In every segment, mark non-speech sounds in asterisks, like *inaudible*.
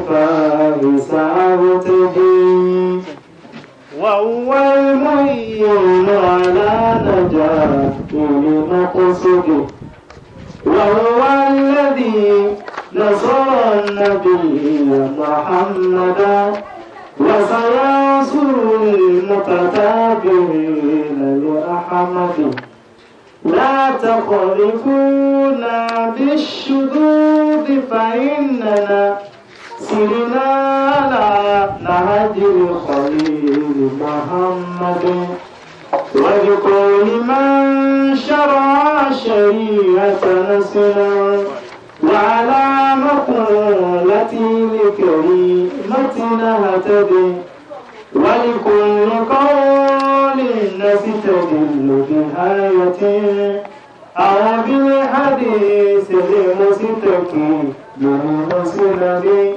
الكفار سعوتهم وهو المعين على نجاة المقصد وهو الذي نصر النبي محمدا وسينصر المتتابعين لأحمد لا تخرفونا بالشذوذ فإننا سرنا على نهج الخليل محمد وبقول من شرع شريعة نسلا وعلى مقولتي لكريمتنا اهتدي ولكل قول نستدل بآية أو بالحديث لمستقيم لمسند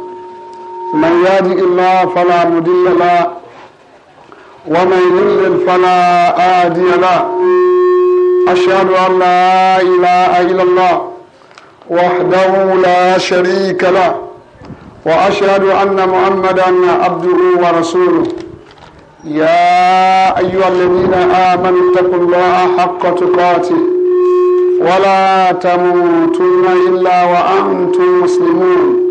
من يهدي الله فلا مضل له ومن يضلل فلا هادي له أشهد أن لا إله إلا الله وحده لا شريك له وأشهد أن محمدا عبده ورسوله يا أيها الذين آمنوا اتقوا الله حق تقاته ولا تموتن إلا وأنتم مسلمون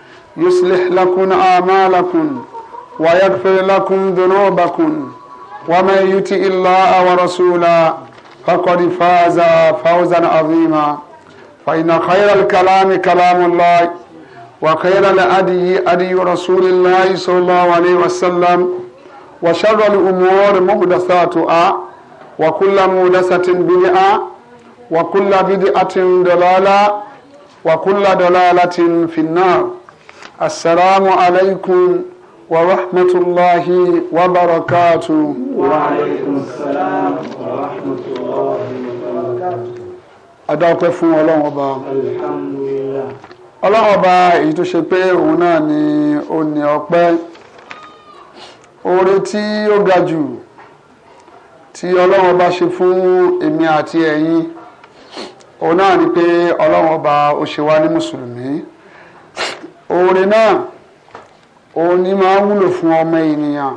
يصلح لكم أعمالكم ويغفر لكم ذنوبكم ومن يطع الله ورسوله فقد فاز فوزا عظيما فإن خير الكلام كلام الله وخير الأدي أدي رسول الله صلى الله عليه وسلم وشر الأمور محدثاتها وكل محدثة بدعة وكل بدعة ضلالة وكل ضلالة في النار السلام عليكم ورحمة الله وبركاته وعليكم السلام ورحمة الله وبركاته adáwọ̀pẹ́ fún ọlọ́run ọba ọlọ́run ọba èyí tó ṣe pé òun náà ni ó ní ọpẹ́ oore tí ó ga jù tí ọlọ́run ọba ṣe fún èmi àti ẹ̀yin òun náà ni pé ọlọ́run ọba ó ṣe wá ní mùsùlùmí oore náà òun ni máa wúlò fún ọmọ ènìyàn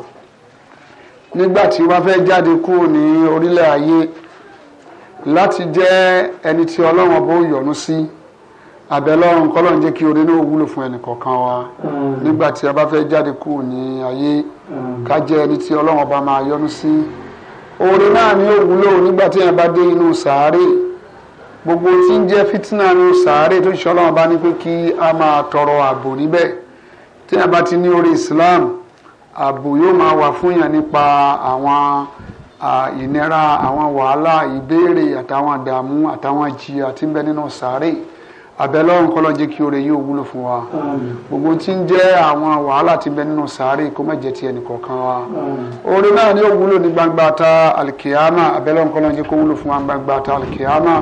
nígbà tí wọ́n fẹ́ jáde kúrò ní orílẹ̀ ayé láti jẹ́ ẹni tí ọlọ́run bó yọ́nú sí àbẹ̀lọ́run kọ́lọ́run jẹ́ kí oore náà wúlò fún ẹnì kọ̀ọ̀kan wa nígbà tí a bá fẹ́ jáde kúrò ní ayé ká jẹ́ ẹni tí ọlọ́run bá máa yọ́nú sí oore náà ni ó wúlò nígbà tí èèyàn bá dé inú sàárè gbogbo tí ń jẹ́ fìtínà ní sàárè tó ṣiṣẹ́ ọlọ́run bá ní pé kí a máa tọrọ ààbò níbẹ̀ tí a bá ti ní orí Islam ààbò yóò máa wà fún yàn nípa àwọn ìnira àwọn wàhálà ìbéèrè àtàwọn àdààmú àtàwọn jìyà tí ń bẹ nínú sàárè àbẹ̀lọ́run kọ́ ló jẹ́ kí oore yóò wúlò fún wa gbogbo tí ń jẹ́ àwọn wàhálà tí ń bẹ nínú sàárè kó má jẹ́ ti ẹnìkọ̀ọ̀kan wa oore náà ni ó wúlò ní gbangba ta alikiyama àbẹ̀lọ́run kọ́ ló jẹ́ kó wúlò fún wa gbangba ta alikiyama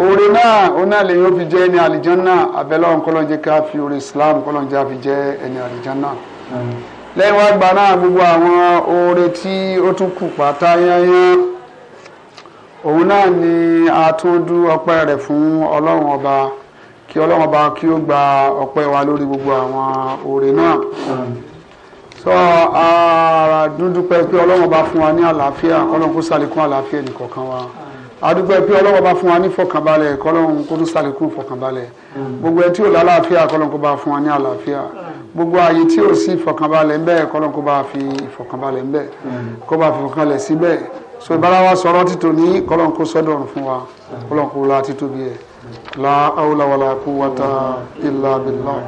òòrè náà òun náà lè yóò fi jẹ́ ẹni àlìjánná abẹ́lọ́run kọ́lọ́njẹ́ ká fi oore Islam kọ́lọ́njẹ́ á fi jẹ́ ẹni àlìjánná lẹ́yìn wá gba náà gbogbo àwọn oore tí ó tún kù pátá yányán òun náà ni a tún dú ọpẹ́ rẹ̀ fún ọlọ́run ọba kí ọlọ́run ọba kí ó gba ọpẹ́ wa lórí gbogbo àwọn oore náà sọ ara dúdú pé pé ọlọ́run ọba fún wa ní àlàáfíà ọlọ́run kó ṣàlékún àlàáfíà ẹnìkọ̀ọ̀kan wa àdúgbò pé ọlọ́wọ́ bá fún wa ní fọkànbalẹ̀ kọ́lọ́hún kó tún sàlékún fọkànbalẹ̀ gbogbo ẹ tí ò lálàáfíà kọ́lọ́hún kó bá fún wa ní àlàáfíà gbogbo ààyè tí ò sí ìfọkànbalẹ̀ ńbẹ̀ kọ́lọ́hún kó bá fi ìfọkànbalẹ̀ ńbẹ̀ kó bá fi ìfọkànbalẹ̀ síbẹ̀ so ìbára sọ̀rọ̀ títò ní kọ́lọ́hún kó sọ́dọ̀rùn fún wa kọ́lọ́hún kó la títò bí ẹ̀ la awla wala quwwata illa billah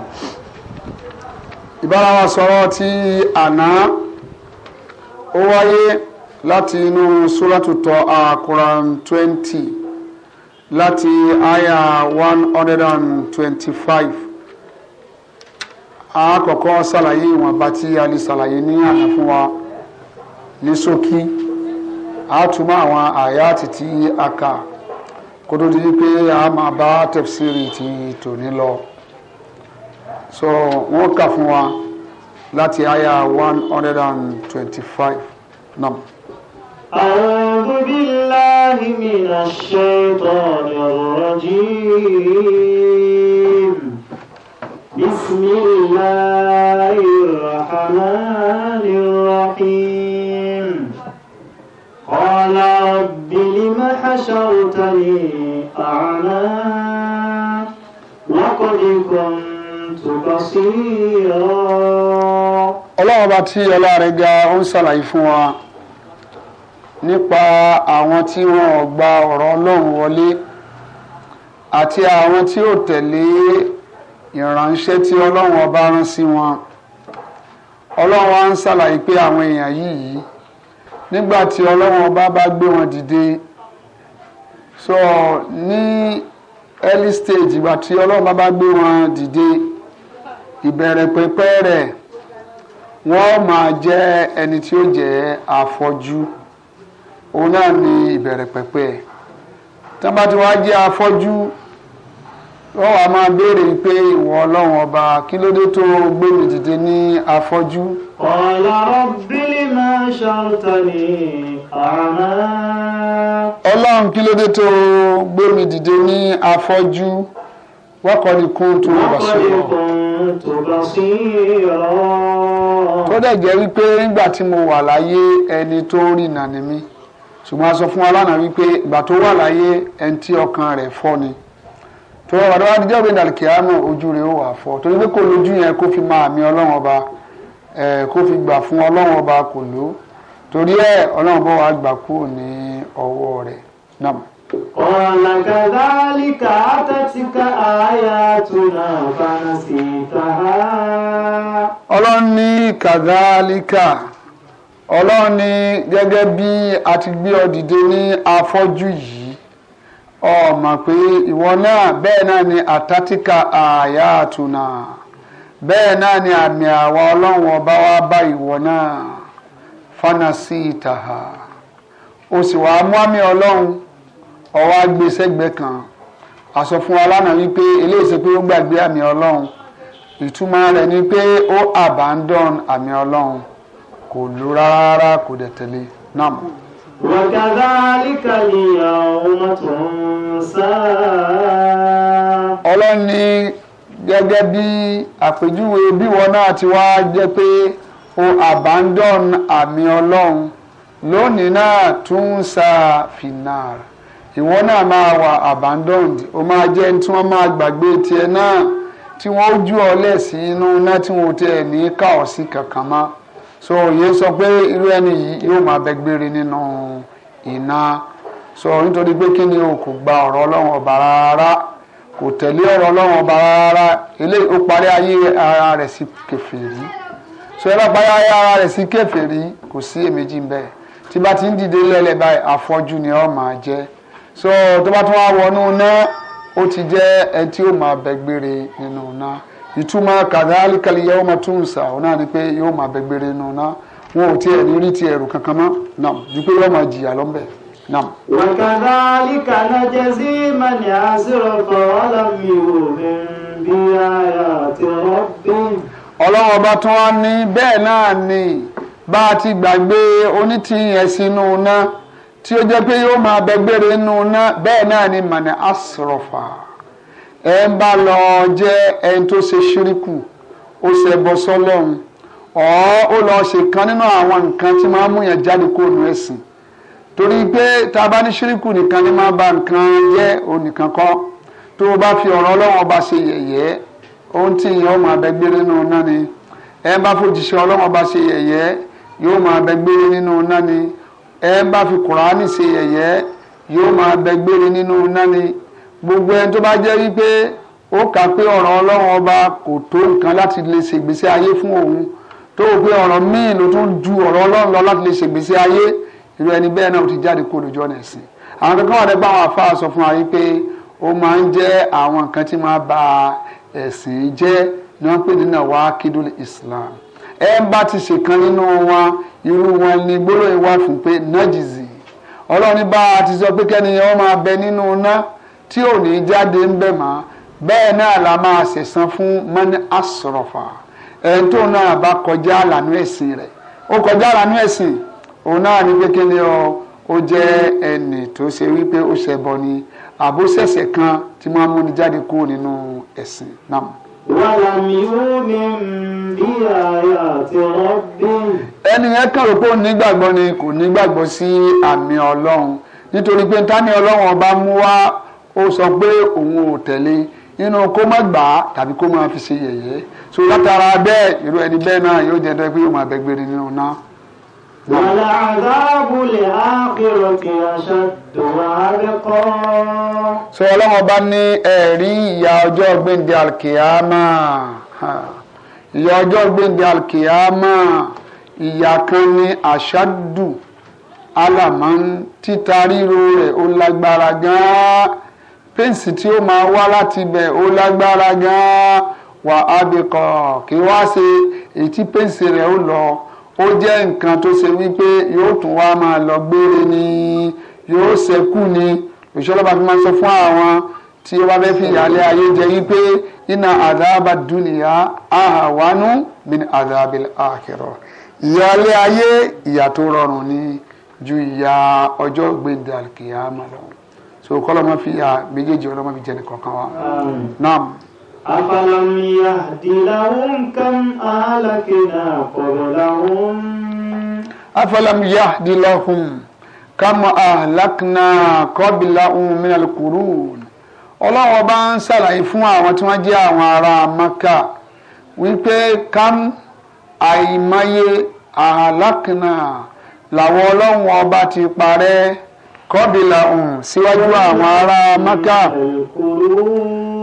ìbára wa sọ̀rọ̀ tí láti inú suratu Taha Quran twenty láti aya one hundred and twenty-five àkọ́kọ́ ṣàlàyé ìwọ̀nba tí a lè ṣàlàyé ní àná wa ní ṣókí àtúmọ̀ àwọn àyà títí aka kó tó di pé a máa bá tẹ̀síìrì ti tòní lọ so wọ́n kà fún wa láti àyà one hundred and twenty-five náà. أعوذ بالله من الشيطان الرجيم بسم الله الرحمن الرحيم قال رب لم حشرتني أعمى وقد كنت بصيرا الله ọba tí ọlá rẹ̀ ga ó ń nípa àwọn tí wọn ò gba ọ̀rọ̀ Ọlọ́run wọlé àti àwọn tí ò tẹ̀lé ìránṣẹ́ tí Ọlọ́run ọba rán sí wọn Ọlọ́run wa ń ṣàlàyé pé àwọn èèyàn yìí nígbà tí Ọlọ́run ọba bá gbé wọn dìde so ní early stage ìgbà tí Ọlọ́run ọba bá gbé wọn dìde ìbẹ̀rẹ̀ pẹpẹ rẹ̀ wọ́n máa jẹ́ ẹni tí ó jẹ́ àfọ́jú òun náà ni ìbẹ̀rẹ̀ pẹ̀pẹ̀ tí wọ́n bá ti wá jẹ́ afọ́jú wọ́n wàá máa béèrè pé ìwọ ọlọ́run ọba kí ló dé tó gbé mi dìde ní afọ́jú. ọ̀la ọ̀bílì máa ṣàǹtàní àná. ọlọ́run kí ló dé tó gbé mi dìde ní afọ́jú wọ́kọ̀ ni kún tó bá sí i. tó dẹ̀ jẹ́ wípé nígbà tí mo wà láyé ẹni tó ń rìnà ni ṣùgbọ́n a sọ fún wa lánàá wípé ìgbà tó wà láyé ẹni tí ọkàn rẹ̀ fọ́ ni tó wà wàdó wàdí jẹ́ òbẹ̀dàlì kìámọ̀ ojú rẹ̀ ó wà fọ́ torí pé kò lójú yẹn kó fi máa mi ọlọ́run ọba kó fi gbà fún ọlọ́run ọba kò ló torí ẹ̀ ọlọ́run bọ́ wa gbà kúrò ní ọwọ́ rẹ̀ náà. ọ̀nà kàdálíkà àtẹ̀tíkà àyà tuna fanasitaha. ọlọ́run ní kàdálíkà ọlọ́run ni gẹ́gẹ́ bí a ti gbé ọ dìde ní afọ́jú yìí ọ mọ̀ pé ìwọ náà bẹ́ẹ̀ náà ni àtàtìkà àyà àtúnà bẹ́ẹ̀ náà ni àmì àwa ọlọ́run ọba wa bá ìwọ náà fana sí ìtàhà o sì wàá mú àmì ọlọ́run ọwọ́ agbésẹ́gbẹ́ kan àsọ fún wa lánàá wípé eléyìí pé ó gbàgbé àmì ọlọ́run ìtumọ̀ rẹ̀ ni pé ó abandon àmì ọlọ́run kò lò rárá kò dẹ̀ tẹ̀lé nam. wàkàdálíkà ni àwọn tó ń sá. ọlọ́run ní gẹ́gẹ́ bí àpèjúwe bí wọn náà ti wá jẹ́ pé o abandon àmì ọlọ́run lónìí náà tún ń sa finar ìwọ náà máa wà abandoned o máa jẹ́ tí wọ́n máa gbàgbé tiẹ̀ náà tí wọ́n ó jú ọ lẹ̀ inú iná tí wọ́n ò tẹ̀ ní káọ̀sì kankan máa so yìí sọ pé irú ẹni yìí yóò máa bẹ gbére nínú iná so nítorí pé kí ni o kò gba ọ̀rọ̀ ọlọ́run ọba rárá kò tẹ̀lé ọ̀rọ̀ ọlọ́run ọba rárá eléyìí ó parí ayé ara rẹ̀ sí kèfèrí so ẹ bá parí ayé ara rẹ̀ sí kèfèrí kò sí èméjì ń tí bá ti ń dìde lẹ́lẹ̀ báyìí afọ́jú ni ọ máa jẹ́ so tó bá tún wá wọnú náà ó ti jẹ́ ẹ tí ó máa bẹ gbére nínú náà ìtumọ̀ kàdáàlì kàlí yẹ́wò máa tún sà ọ́ náà ni pé yóò máa bẹ gbére nù náà wọn ò tiẹ̀ ní rí ti ẹ̀rù kankan mọ́ nàm ju pé yóò máa jìyà lọ́nbẹ̀ nàm. wàkàdáàlì kàlá jẹ́ sí mani àṣírọ̀kọ̀ ọlọ́mi ò bí ara ti rọ́bì. ọlọ́run ọba tó wá ní bẹ́ẹ̀ náà ni bá a ti gbàgbé onítìyẹn sínú náà tí ó jẹ́ pé yóò máa bẹ ni mani àṣírọ̀fà ẹ bá lọ jẹ́ ẹni tó ṣe ṣíríkù ó ṣe bọ́ sọ́lọ́run ọ̀ ó lọ ṣe kan nínú àwọn nǹkan tí máa ń mú yẹn jáde kó nu ẹsìn torí pé tá a bá ní ṣíríkù nìkan ni máa ba nǹkan jẹ́ onìkan kọ́ tó o bá fi ọ̀rọ̀ ọlọ́run ọba ṣe yẹyẹ ohun tí ìyẹn ó máa bẹ́gbé nínú náà ni ẹ bá fòjìṣẹ́ ọlọ́run ọba ṣe yẹyẹ yóò máa bẹ́gbé nínú náà ni ẹ bá fi kùránì ṣe yẹ̀yẹ́ yóò máa bẹ́gbé nínú náà ni gbogbo ẹni tó bá jẹ́ wípé ó kà pé ọ̀rọ̀ ọlọ́run ọba kò tó nǹkan láti lè ṣègbésí ayé fún òun tó o pé ọ̀rọ̀ míì ló tún ju ọ̀rọ̀ ọlọ́run lọ láti lè ṣègbésí ayé irú ẹni bẹ́ẹ̀ náà ti jáde kó lójú ọ̀nà ẹ̀sìn àwọn kankan wà lẹ́gbàá àwọn afáà sọ fún wa wípé ó máa ń jẹ́ àwọn nǹkan tí máa ba ẹ̀sìn jẹ́ ni wọ́n pè ní nàwa kídùn Islam ẹ bá ti ṣèkan nínú wọn irú wọn ni gbólóyìn wà fún pé nájìzì ọlọ́run bá a ti sọ pé kẹ́niyàn ó máa bẹ nínú náà tí ò ní jáde ń bẹ̀ mọ́ bẹ́ẹ̀ náà la máa ṣẹ̀san fún mọ́ni asọ̀rọ̀fà ẹni tó náà bá kọjá àlànà ẹ̀sìn rẹ̀ ó kọjá àlànà ẹ̀sìn òun náà ní pé kíni ọ ó jẹ́ ẹnì tó ṣe wípé ó ṣẹbọ ni àbó ṣẹ̀ṣẹ̀ kan tí máa múni jáde kúrò nínú ẹ̀sìn náà. ولم يؤمن بآيات ربه ẹnìyẹn kàn rò pé òun nígbàgbọ́ ni kò nígbàgbọ́ sí àmì ọlọ́run nítorí pé ta ni ọlọ́run ọba mú wá ó sọ pé òun ò tẹ̀lé nínú kó má gbà á tàbí kó máa fi ṣe yẹ̀yẹ́ so látara bẹ́ẹ̀ irú ẹni bẹ́ẹ̀ náà yóò jẹ́ dẹ́gbẹ́ yóò máa bẹ gbére nínú náà. wàlá àdáàbò lè á kérò kí tó wà á rẹ kọ́. sọ ọlọ́wọ́n bá ní ẹ̀rí ìyà ọjọ́ gbẹ̀ǹdẹ̀ alkiyama ìyà ọjọ́ gbẹ̀ǹdẹ̀ alkiyama ìyà kan ní àṣàdù alàmọ́ títa ríro rẹ̀ ó lágbára gan-an píǹsì tí ó máa wá láti bẹ̀ ó lágbára gan-an wà á bẹ kọ́ kí wá ṣe èyí tí rẹ̀ ó lọ ó jẹ́ nǹkan tó ṣe wípé yóò tún wá máa lọ gbére ni yóò ṣẹ́kù ni òṣèlọ́ba fi máa sọ fún àwọn tí ó bá fẹ́ fi ìyàlẹ́ ayé jẹ wípé iná àdáàbà dúnìyà àhàwánú bin àdáàbà àkẹrọ ìyàlẹ́ ayé ìyà rọrùn ni ju ìyà ọjọ́ gbẹ̀dàkìyà máa lọ so kọ́lọ́ máa fi ya méjèèjì ọlọ́mọ fi jẹni kọ̀ọ̀kan wa. naam. afalam yahdi lahum kam ahlakna qablahum. afalam yahdi lahum kam ahlakna qablahum minal qurun ọlọ́wọ́ bá ń ṣàlàyé fún àwọn tí wọ́n jẹ́ àwọn ará maka wípé kam àìmáyé àhàlákìnà làwọn ọlọ́run ọba ti parẹ́ kọ́bìlà ọ̀hún um, síwájú àwọn ará maka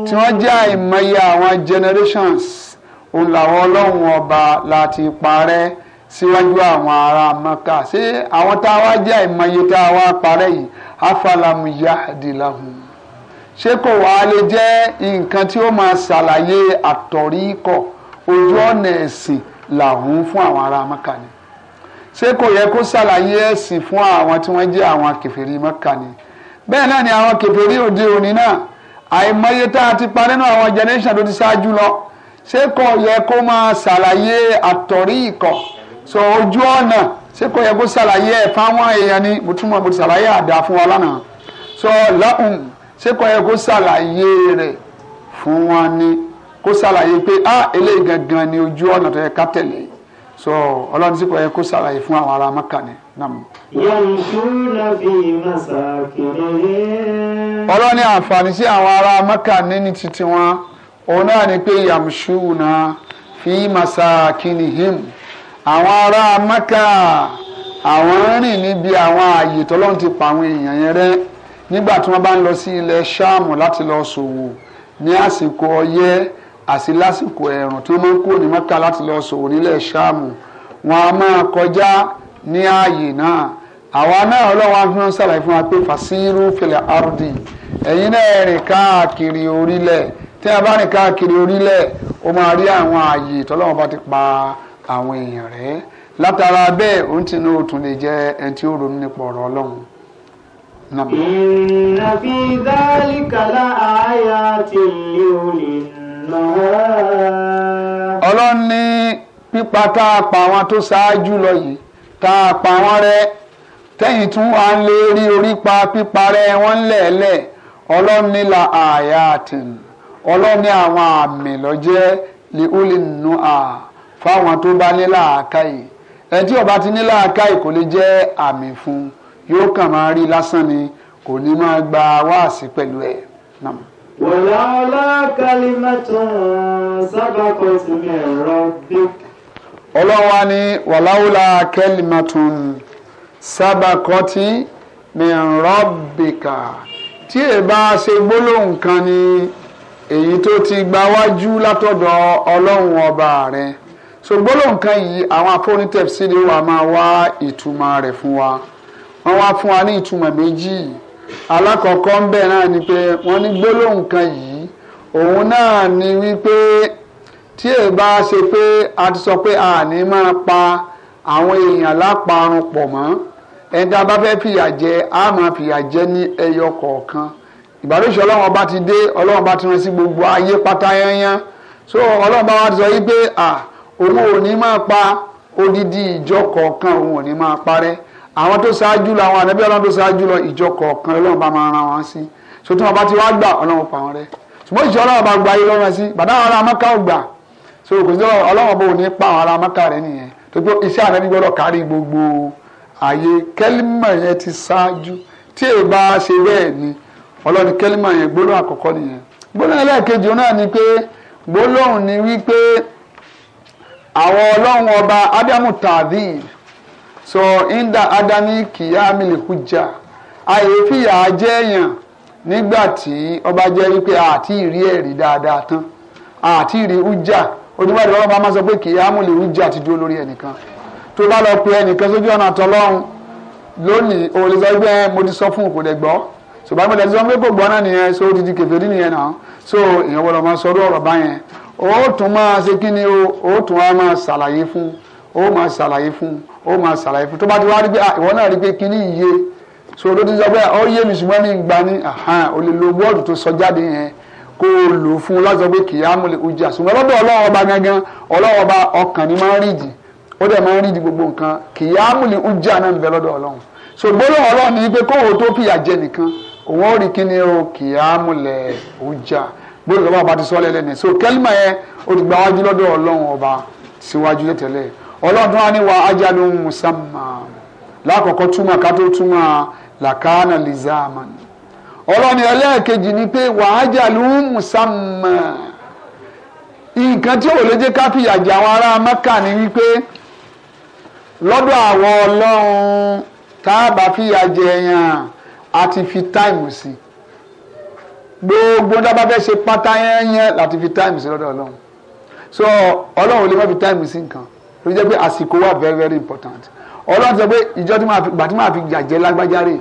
tí wọ́n jẹ́ àìmọye àwọn generations òun làwọn ọlọ́run ọba láti parẹ́ síwájú àwọn ará maka ṣé àwọn tá a wá jẹ́ àìmọye tá a wá parẹ́ yìí afalamu yahdilahum ṣé kò wá lè jẹ́ nǹkan tí ó máa ṣàlàyé àtọ̀rí kọ̀ ojú ọ̀nà ẹ̀sìn làwọn fún àwọn ará maka ni ṣé kò yẹ kó ṣàlàyé ẹ̀sìn fún àwọn tí wọ́n jẹ́ àwọn kèfèrí Mẹ́kà ni bẹ́ẹ̀ náà ni àwọn kèfèrí òde òní náà àìmọye tá a ti pa nínú àwọn generation tó ti ṣáájú lọ ṣé kò yẹ kó máa ṣàlàyé àtọ̀rí ìkọ̀ sọ ojú ọ̀nà ṣé kò yẹ kó ṣàlàyé ẹ̀ fáwọn èèyàn ni mo túmọ̀ mo ti ṣàlàyé àdá fún wọn lánàá sọ lọ́hùn ṣé kò yẹ kó ṣàlàyé rẹ̀ fún wọn ni kó ṣàlàyé pé ah eléyìí gangan ni ojú ọ̀nà tó yẹ ká tẹ̀lé so ọlọ́run sì kọ́ ẹ kó sàlàyé fún àwọn ará maka ni nam. yamshuna fi masakinihim. ọlọ́run ní àǹfààní sí àwọn ará maka níní títí wọn òun náà ni pé yamshuna fi masakinihim àwọn ará maka àwọn rìn níbi àwọn ààyè tọ́lọ́run ti pa àwọn èèyàn yẹn rẹ́ nígbà tí wọ́n bá ń lọ sí ilẹ̀ ṣáàmù láti lọ ṣòwò ní àsìkò ọyẹ. àti lásìkò ẹ̀rùn tí ó máa ń kúrò ní mẹ́ka láti lọ sòwò nílẹ̀ ṣáàmù wọn a máa kọjá ní ààyè náà àwa náà ọlọ́wọ́ afihàn ṣàlàyé fún wa pé fàṣírù fìlẹ̀ ardi ẹ̀yin náà rìn káàkiri orílẹ̀ tí a bá rìn káàkiri orílẹ̀ ó máa rí àwọn ààyè tọ́lọ́wọ́n bá ti pa àwọn èèyàn rẹ̀ látara bẹ́ẹ̀ ó ti ní òtún lè jẹ́ ẹni tí ó ronú nípa ọ̀rọ̀ ọlọ́run. Inna fi dhalika la ayatin li ọlọ́run ní pípa tá a pa àwọn tó ṣáájú lọ yìí tá a pa wọ́n rẹ́ tẹ́yìn tún wá ń lè rí orí pa píparẹ́ wọ́n lẹ̀ẹ́lẹ̀ ọlọ́run ní la àyà àtìn ọlọ́run ní àwọn àmì lọ́jẹ́ lè ó lè nù à fáwọn tó bá ní làákàyè ẹni tí ọba ti ní làákàyè kò lè jẹ́ àmì fún yóò kàn máa rí lásán ni kò ní máa gba wáàsí pẹ̀lú ẹ̀ náà. ولولا كلمة سبقت من ربك ọlọ́wà ni wàláwùlà kẹ́límàtún sábàkọ́tì mìíràbìkà tí ẹ bá ṣe gbólóhùn kan ni èyí tó ti gba wájú látọ̀dọ̀ ọlọ́run ọba rẹ̀ so gbólóhùn kan yìí àwọn afọ́nitẹ́fsì ni wàá máa wá ìtumọ̀ rẹ̀ fún wa wọ́n wá fún wa ní ìtumọ̀ méjì alákọ̀ọ́kọ́ ń bẹ̀ náà ni pé wọ́n ní gbólóhùn kan yìí òun náà ni wípé tí èyí bá ṣe pé a ti sọ pé a ní máa pa àwọn èèyàn láparun pọ̀ mọ́ ẹni tá a bá fẹ́ fìyà jẹ a máa fìyà jẹ ní ẹyọ kọ̀ọ̀kan ìbàdóṣe ọlọ́run ọba ti dé ọlọ́run bá ti rán sí gbogbo ayé pátá yányán so ọlọ́run bá wa ti sọ yí pé à òun ò ní máa pa odidi ìjọ kọ̀ọ̀kan òun ò ní máa parẹ́ àwọn tó ṣáájú lọ àwọn ànábì ọlọ́run tó ṣáájú lọ ìjọ kọ̀ọ̀kan ọlọ́run bá máa ran wọn sí so wọn bá ti wá gbà ọlọ́run pa wọn rẹ ṣùgbọ́n ìṣẹ́ ọlọ́run bá gba ayé lọ́rùn sí bàdá àwọn ò gbà so kò sí ọlọ́run bò ní pa àwọn rẹ nìyẹn tó gbọ́ iṣẹ́ so inda adani kiyamil hujja àyèéfìyà jẹ́yàn nígbà tí ọba jẹ́ wípé àti ìrí ẹ̀rí dáadáa tán àti ìrí hujja onígbàdìbò ọba máa sọ pé kiyamil ti dúró lórí ẹnìkan tó bá lọ pe ẹnìkan sójú ọ̀nà tọlọ́run lónìí òun lè sọ pé mo ti sọ fún gbọ́ ṣùgbọ́n mo pé kò gbọ́ náà nìyẹn so ti di nìyẹn so èèyàn gbọ́dọ̀ sọ ọ̀rọ̀ báyẹn máa ṣe kí o máa ṣàlàyé fún o máa ṣàlàyé fún ó máa ṣàlàyé fún tó bá ti wá rí pé ìwọ náà rí pé kíní iye so ló ti sọ pé ọ yé mi ṣùgbọ́n mi ń gba ní o lè lo wọ́ọ̀dù tó sọ jáde yẹn kó o lò fún un láti sọ pé kìyàmù lè ojà ṣùgbọ́n lọ́dọ̀ ọlọ́wọ́ ọba gangan ọlọ́wọ́ ọba ọkàn ni máa ń rídìí ó dẹ̀ máa ń rídìí gbogbo nǹkan kìyàmù lè ojà náà ń bẹ lọ́dọ̀ ọlọ́run so gbólóhùn ọlọ́run ni pé kóhò tó fìyà jẹ nìkan òun ó rí kíni o kìyàmù lè ojà gbólóhùn ọba ti sọ lẹ́lẹ́ni so kẹ́límà yẹn olùgbàwájú lọ́dọ̀ ọlọ́run ọba síwájú tẹ́lẹ̀ ọlọ́dún wa ni wà ájálù musamma lákọ̀ọ́kọ́ túmọ̀ ká tó túmọ̀ làkàánà lizaman ọlọ́ni ẹlẹ́ẹ̀kejì ni pé wà ájálù musamma nǹkan tí ò lè jẹ́ ká fìyà jẹ àwọn ará mẹ́kà ni wípé lọ́dọ̀ àwọn ọlọ́run tá a bá fìyà jẹ yàn á ti fi táìmù sí gbogbo dábàá fẹ́ ṣe pátá yẹn yẹn láti fi táìmù sí lọ́dọ̀ ọlọ́run so ọlọ́run ò lè má fi táìmù sí nǹkan tó jẹ́ pé àsìkò wà very very important ọlọ́run sọ pé ìjọ tí màá tí màá fi jàjẹ́ lágbájáre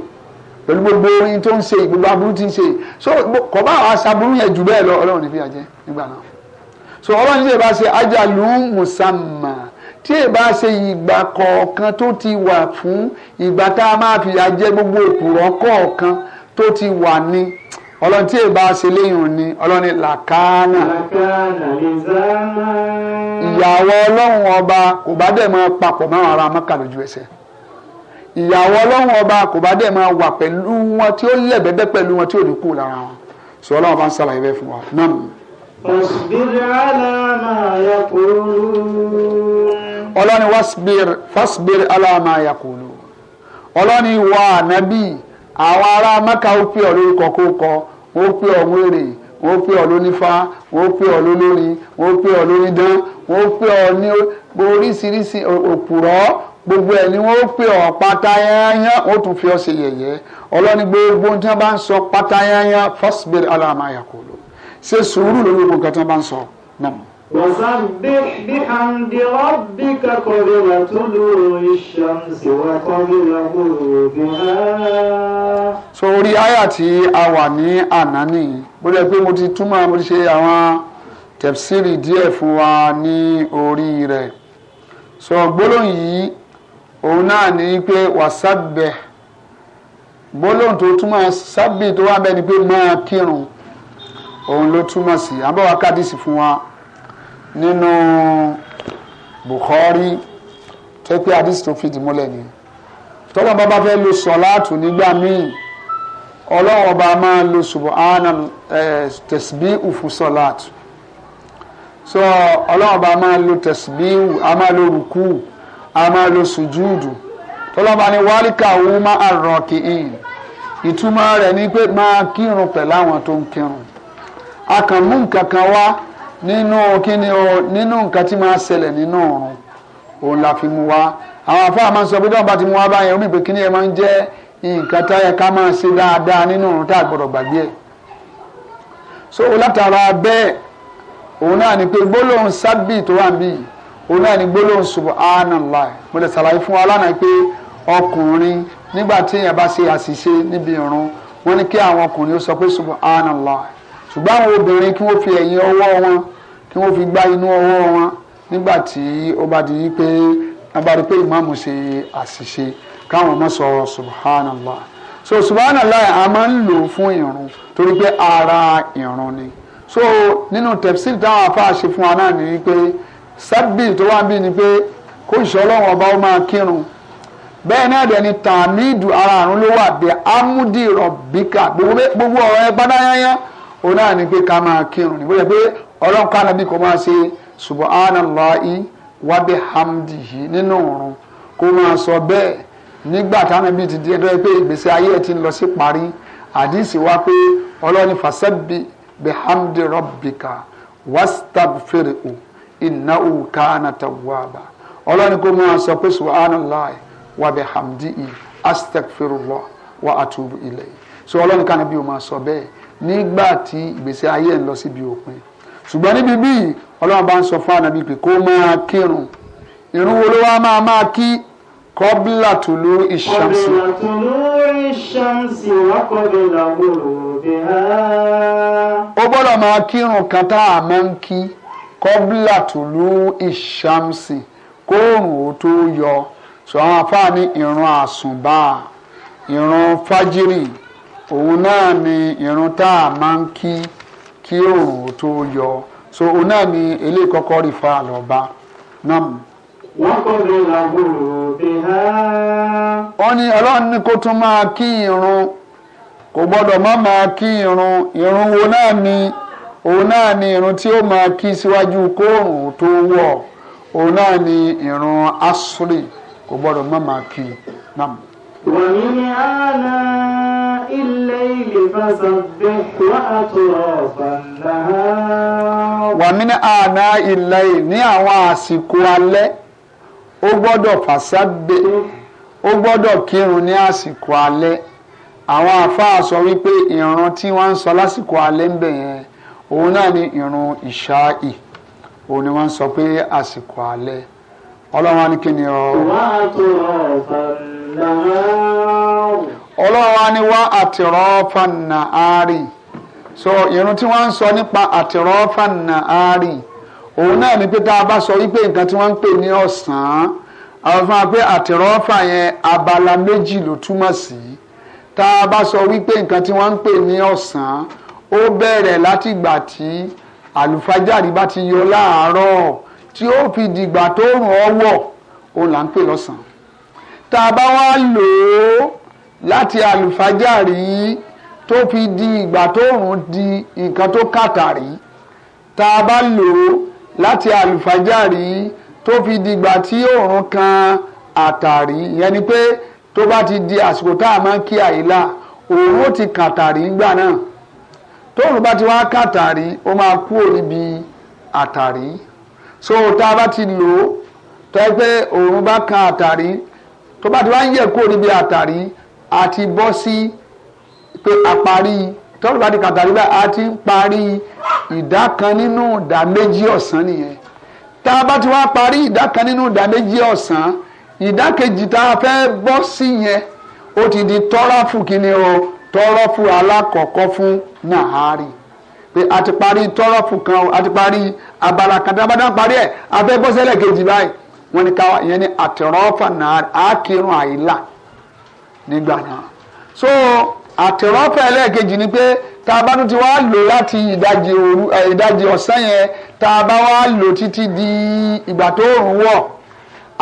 pẹ̀lú gbogbo orin tó ń ṣe gbogbo aburú tí ń ṣe so kò bá àwọn aṣaburú yẹn jù bẹ́ẹ̀ lọ ọlọ́run ní fi jàjẹ́ nígbà náà so ọlọ́run tí ì bá ṣe ajalu musamma tí ì bá ṣe ìgbà kọ̀ọ̀kan tó ti wà fún ìgbà tá a máa fi jàjẹ́ gbogbo òkùrọ̀ kọ̀ọ̀kan tó ti wà ní ọlọ́run tí èèbá ṣe léyìn ni ọlọ́run ni làkánà. ìyàwó ọlọ́run ọba kò bá dẹ̀ máa papọ̀ mọ́ ara mọ́kà lójú ẹsẹ̀ ìyàwó ọlọ́run ọba kò bá dẹ̀ máa wà pẹ̀lú wọn tí ó lẹ̀bẹ̀bẹ̀ pẹ̀lú wọn tí ala ma ọlọ́run wasbir fasbir ala ma ọlọ́run àwọn ará mẹ́ka ó pè wọ́n pè ọ́ wèrè wọ́n pè ọ́ lónífá wọ́n pè ọ́ lólórin wọ́n pè ọ́ lónídán wọ́n pè ọ́ ní oríṣiríṣi òpùrọ́ gbogbo ẹ̀ ni wọ́n pè ọ́ pátáyáyá wọ́n tún fi ọ́ ṣe yẹ̀yẹ́ ọlọ́ni gbogbo tí wọ́n bá ń sọ pátáyáyá fasbir ala ma ṣe sùúrù lórí gbogbo tí wọ́n bá ń sọ náà. وسبح بحمد ربك قبل طلوع الشمس وقبل غروبها. so orí àyà tí a wà ní àná nìyí bó lẹ pé mo ti túmọ̀ mo ti ṣe àwọn tẹ̀síìrì díẹ̀ fún wa ní orí rẹ̀ so gbólóhùn yìí òun náà ní pé wàsábẹ̀ gbólóhùn tó túmọ̀ sábì tó wà bẹ́ẹ̀ ni pé máa kírun òun ló túmọ̀ sí àbáwá kádìsì fún wa nínú Bukhari tó pé àdìsí tó fìdí múlẹ̀ ni tọ́lá bàbá fẹ́ lo sọ̀láàtù nígbà míì ọlọ́run ọba máa lo subhana tẹ̀sibíhù fún sọ̀láàtù so ọlọ́run ọba máa lo tẹ̀sibíhù a máa lo rùkú a máa lo sùjúùdù tọ́lá bá ní wálíkà òun máa rọ̀ kì í ìtumọ̀ rẹ̀ ni pé máa kírun pẹ̀lú tó ń kírun a nǹkan kan wá nínú kíni o nínú nǹkan tí máa ṣẹlẹ̀ nínú ọ̀run òun la fi mu wá àwọn afọ àmọ́ sọ pé dọ́wọ́n bá ti mu wá báyẹn omi ìpè kíni ẹ máa ń jẹ́ nǹkan táyẹ ká máa ṣe dáadáa nínú ọ̀run tá a gbọ́dọ̀ gbàgbé ẹ̀ so látara bẹ́ẹ̀ òun náà ni pé gbólóhùn sábì tó wà níbí òun náà ni gbólóhùn subhanallah mo lè ṣàlàyé fún wa lánàá pé ọkùnrin nígbà tí èèyàn bá ṣe àṣìṣe níbi ìrun wọ́n ní kí àwọn ọkùnrin ó sọ pé subhanallah ṣùgbọ́n àwọn obìnrin kí wọ́n fi ẹ̀yìn ọwọ́ wọn kí wọ́n fi gbá inú ọwọ́ wọn nígbà tí ó bá di pé abárí pé ìmáàmù ṣe àṣìṣe káwọn ọmọ sọ subhanallah so subhanallah a máa ń lò fún ìrun torí pé ara ìrun ni so nínú tafsir táwọn afá ṣe fún wa náà ni pé sábì tó wá bí ni pé kó ìṣọlọ́wọ́n ọba ó máa kírun bẹ́ẹ̀ náà dẹ̀ ni tàmídù ara àrùn ló wà bẹ́ẹ̀ amúdì rọ̀bíkà gbogbo ọ̀rọ̀ ẹ bá dáyáyá òun náà ni pé ká máa kírun ní bóyá pé ọlọ́run ká nàbí kó máa ṣe subhanallahi wa bihamdihi nínú òrùn kó máa sọ bẹ́ẹ̀ nígbà tánàbí ti di ẹjọ́ pé ìgbésí ayé ẹ̀ ti ń lọ sí parí àdìsí wa pé ọlọ́run fasabbi bihamdi rabbika wastagfirhu innahu kana tawwaba ọlọ́run kó máa sọ pé subhanallahi wa bihamdihi astagfirullah wa atubu ilayhi so ọlọ́run ká nàbí ó máa sọ bẹ́ẹ̀ nígbà tí ìgbésí ayé ẹ̀ lọ síbi òpin ṣùgbọ́n níbi bíi ọlọ́run bá ń sọ fún ànábì pé kó máa kírun irun wo ló wá máa máa kí kọ́bílà tùlú ìṣàǹsì. kọ́bílà tùlú ìṣàǹsì wákọ̀bílà gbòòbí ha. ó gbọ́dọ̀ máa kírun kan tá a máa ń kí kọ́bílà tùlú ìṣàǹsì kóòrùn ó tó yọ sọ àwọn afáà ní àsùnbà irun fájírì òun náà ni irun tá a máa ń kí kí òòrùn tó yọ so òun náà ni eléyìí kọ́kọ́ rí fa lọ́ba náà. wọ́n kọ́ mi làwòrò bí ha. wọ́n ní ọlọ́run ní kó tún máa kí irun kò gbọ́dọ̀ má máa kí irun irun wo náà ni òun náà ni irun tí ó máa kí síwájú kóòrùn tó wọ̀ òun náà ni irun asri kò gbọ́dọ̀ má máa kí náà. ومن آناء الليل فسبح وأطراف النهار ومن آناء الليل ní àwọn àsìkò alẹ́ ó gbọ́dọ̀ fàṣàbẹ ó gbọdọ kírun ní àsìkò alẹ́ àwọn àfáà sọ wípé ìran tí wọ́n sọ lásìkò alẹ ń òun náà ni irun ìṣáì òun ni wọ́n sọ pé àsìkò alẹ́ ọlọ́run ni ọlọ́run wa ni wá àtìrọ́fà nàárì so irun tí wọ́n ń sọ nípa àtìrọ́fà nàárì òun náà ni pé tá a bá sọ wípé nǹkan tí wọ́n ń pè ní ọ̀sán àwọn fún wa pé àtìrọ́fà yẹn abala méjì ló túmọ̀ sí tá a bá sọ wípé nǹkan tí wọ́n ń pè ní ọ̀sán ó bẹ̀rẹ̀ látìgbà tí àlùfájàrí bá ti yọ láàárọ̀ tí ó fi dìgbà tó rùn ọ́ wọ̀ òun là ń pè lọ́sàn-án tá a bá wá lò ó láti àlùfájàrí tó fi di ìgbà tóòrùn di nǹkan tó kàtàrí tá a bá lò ó láti àlùfájàrí tó fi di ìgbà tí òòrùn kan àtàrí ìyẹn ni pé tó bá ti di àsìkò tá a máa ń kí àyílà òòrùn ti kàtàrí gbà náà tóòrùn bá ti wá kàtàrí ó máa kú òníbi àtàrí so tá a bá ti lò ó tọ́ pé òòrùn bá kan àtàrí tó bá ti wá ń yẹ̀ kúrò níbi àtàrí àti bọ́ sí pé àparí tọ́lù bá ti kàtàrí báyìí àti ń parí ìdá kan nínú ìdá méjì ọ̀sán nìyẹn tá a bá ti wá parí ìdá kan nínú ìdá méjì ọ̀sán ìdá kejì tá a fẹ́ bọ́ sí yẹn ó ti di tọ́ráfù kíni o tọ́ráfù alákọ̀ọ́kọ́ fún nàárì pé a ti parí tọ́ráfù kan o a ti parí abala kan tá a bá dá parí ẹ̀ a fẹ́ bọ́ sẹ́lẹ̀ kejì báyìí wọ́n ní káwá ìyẹn ní àtẹ̀rọ́fà náà á kírun nígbà náà so àtẹ̀rọ́fà ẹlẹ́ẹ̀kejì ni pé tá a bá tún ti wá lò láti ìdajì òru ìdajì ọ̀sán yẹn tá a bá wá lò títí di ìgbà tó òrùn wọ̀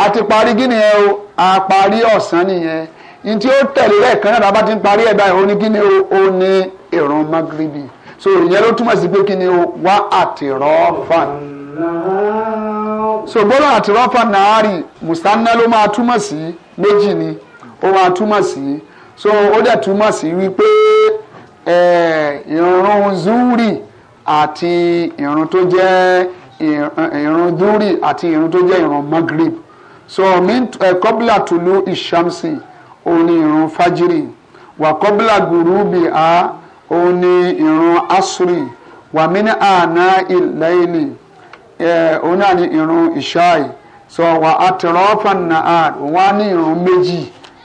a ti parí gíní yẹn o a parí ọ̀sán nìyẹn ní tí ó tẹ̀lé lẹ́ẹ̀kan náà tá a bá ti ń parí ẹ̀ báyìí ó ní gíní o ó ní ìrun magribi so ìyẹn ló túmọ̀ sí pé kí ni o wá àtẹ̀rọ́fà náà so gbọ́dọ̀ àti rọ́fà nàárì mùsànà ló máa túmọ̀ sí méjì ni ó máa túmọ̀ sí so ó dẹ̀ túmọ̀ sí wípé ìrun zuri àti ìrun tó jẹ́ ìrun zuri àti ìrun tó jẹ́ ìrun magrib so kọ́bílà tùlú ìṣàmsì òun ni ìrun fajiri wà kọ́bílà gùrúbì á òun ni ìrun asri wà mí ní àná ìlẹ́yìn òun eh, náà ni irun ìṣáì sọ wà á tẹ̀rọ fànà àd òun á ní irun méjì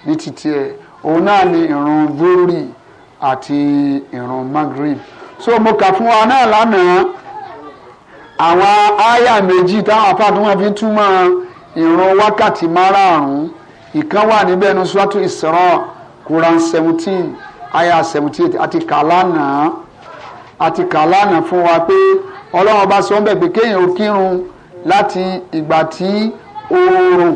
ní títí ẹ̀ òun náà ni irun vórí àti e. irun magrib so mo kà fún wa náà lánàá àwọn àyà méjì táwọn afáàtú wọn fi túmọ̀ irun wákàtí márààrún ìkan wà níbẹ̀ ní suratu Isra Quran seventeen àyà seventy eight àti kà àti fún wa pé. ọlọ́run bá sọ ń bẹ̀ pé kéèyàn ó kírun láti ìgbà tí oòrùn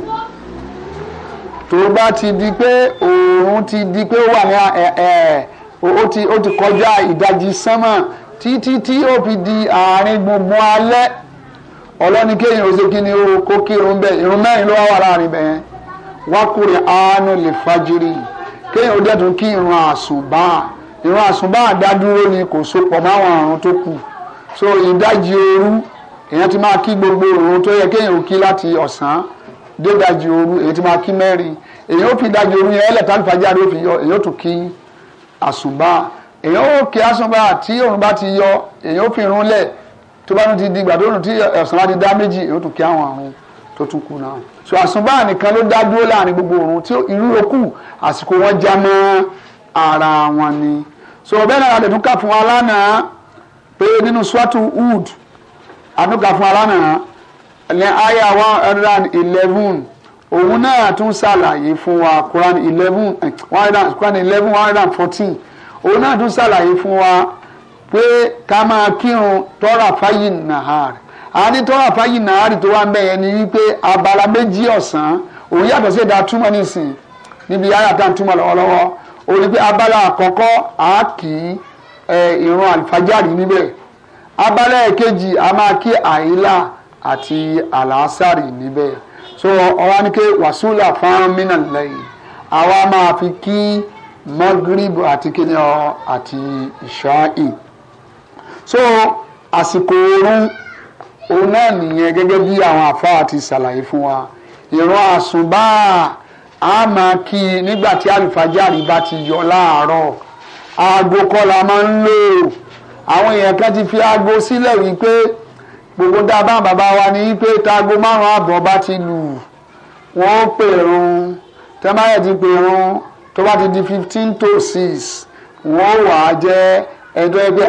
tó bá ti di pé oòrùn ti di pé ó wà ní ó ti ó ti kọjá ìdajì sánmà títí tí ó fi di àárín gbogbo alẹ́ ọlọ́ni kéèyàn ó ṣe kí ni ó kó kírun bẹ́ẹ̀ irun mẹ́rin ló wá wà láàrin bẹ́ẹ̀ wákùnrin àánú lè fajiri kéèyàn ó dẹ̀tún kí irun àsùnbà irun àsùnbà dádúró ni kò so pọ̀ máwọn àrùn tó kù so ìdajì òru èèyàn ti máa kí gbogbo òru tó yẹ kéèyàn ò kí láti ọ̀sán dé ìdajì òru èèyàn ti máa kí mẹ́rin èèyàn ó fi ìdajì òru yẹn ẹlẹ́ta àlùfáàjà ló fi yọ èèyàn ó tún kí àsùnbà èèyàn ó kí àsùnbà tí òrùn bá ti yọ èèyàn ó fi irun lẹ̀ tó bá ti di ìgbà tó rùn tí ọ̀sán bá ti dá méjì èèyàn ó tún kí àwọn àrùn tó tún kù náà so àsùnbà nìkan ló dá dúró láàrin gbogbo òrùn tí irú okù àsìkò wọn já mọ́ ara wọn ni so bẹ́ẹ̀ náà pé nínú swatu wood àtúnkà fún alánàá ní aya one hundred eleven òun náà tún ṣàlàyé fún wa Quran eleven eh, one hundred Quran eleven one hundred and fourteen òun náà tún ṣàlàyé fún wa pé ká máa kírun tọ́ra fáyì nàárì àní tọ́ra fáyì nàárì tó wà ń bẹ̀yẹn ni wípé abala méjì ọ̀sán òun yàtọ̀ sí ẹ̀dá túmọ̀ nísìn níbi ayàtà túmọ̀ lọ́wọ́lọ́wọ́ òun ni pé abala àkọ́kọ́ àákì ìrun àlùfájàrí níbẹ̀ abala ẹ̀kejì a máa kí àyílà àti àlàásàrì níbẹ̀ so ọwọ́ ni pé wàsúlà fáwọn mìíràn lẹ́yìn àwa máa fi kí magrib àti kíni ọ àti ìṣáì so àsìkò oorun òun náà nìyẹn gẹ́gẹ́ bí àwọn àfáà ti ṣàlàyé fún wa ìrun àsùnbà á máa kí nígbà tí àlùfájàrí bá ti yọ láàárọ̀ aago kọ́ la máa ń lò àwọn èèyàn kan ti fi aago sílẹ̀ wípé gbogbo dá bá bàbá wa ní pé taago márùn-ún bá ti lù wọ́n pè run tẹ́máyẹ̀ ti pè run tó bá ti di fifteen to six wọ́n wà á jẹ́ ẹni tó yẹ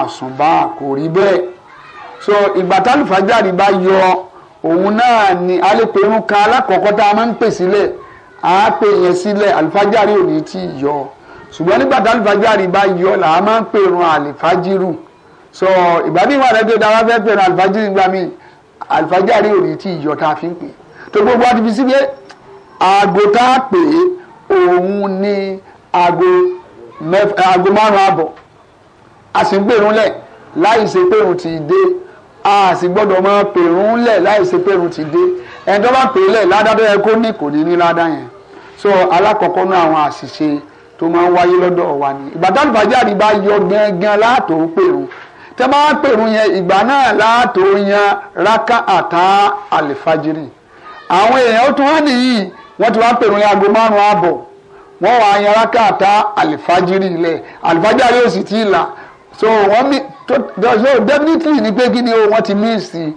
àsùnbà kò rí bẹ́ẹ̀ so ìgbà tálùfájàrí bá yọ òun náà ni a lè pe irun kan alákọ̀ọ́kọ́ tá a máa ń pè sílẹ̀ a pè yẹn sílẹ̀ àlùfájàrí ò ní tí ì yọ ṣùgbọ́n nígbà tí alifajari bá yọ là á máa ń pèrun alifajiru so ìgbà míì wà lẹ́gbẹ̀ẹ́ dára fẹ́ pèrun alifajiru nígbà míì alifajari ò ní tí ì yọ tá a fi ń pè tó gbogbo àti fi sí pé aago tá a pè é òun ni aago márùn-ún àbọ̀ a sì ń pèrun lẹ̀ láì ṣe pèrun ti dé a sì gbọ́dọ̀ máa pèrun lẹ̀ láì ṣe pèrun ti dé ẹni tó bá pè é lẹ̀ ládàá tó yẹ kó ní kò ní ní ládàá yẹn so alákọ̀ọ́kọ́ ní àwọn àṣìṣe tó máa ń wáyé lọ́dọ̀ wa ni ìgbà tí àlùfáàjáde bá yọ gangan láàtò pèrún tẹ́ bá pèrún yẹn ìgbà náà láàtò yan raka ata alifajiri. àwọn èèyàn ó tún wá nìyí wọ́n ti wá pèrún yẹn aago márùn-ún àbọ̀ wọ́n wá raka ata alifajiri lẹ̀ àlìfájáde ò sì tí là so wọ́n mi so definitely ni pé kí ni o ti míìsì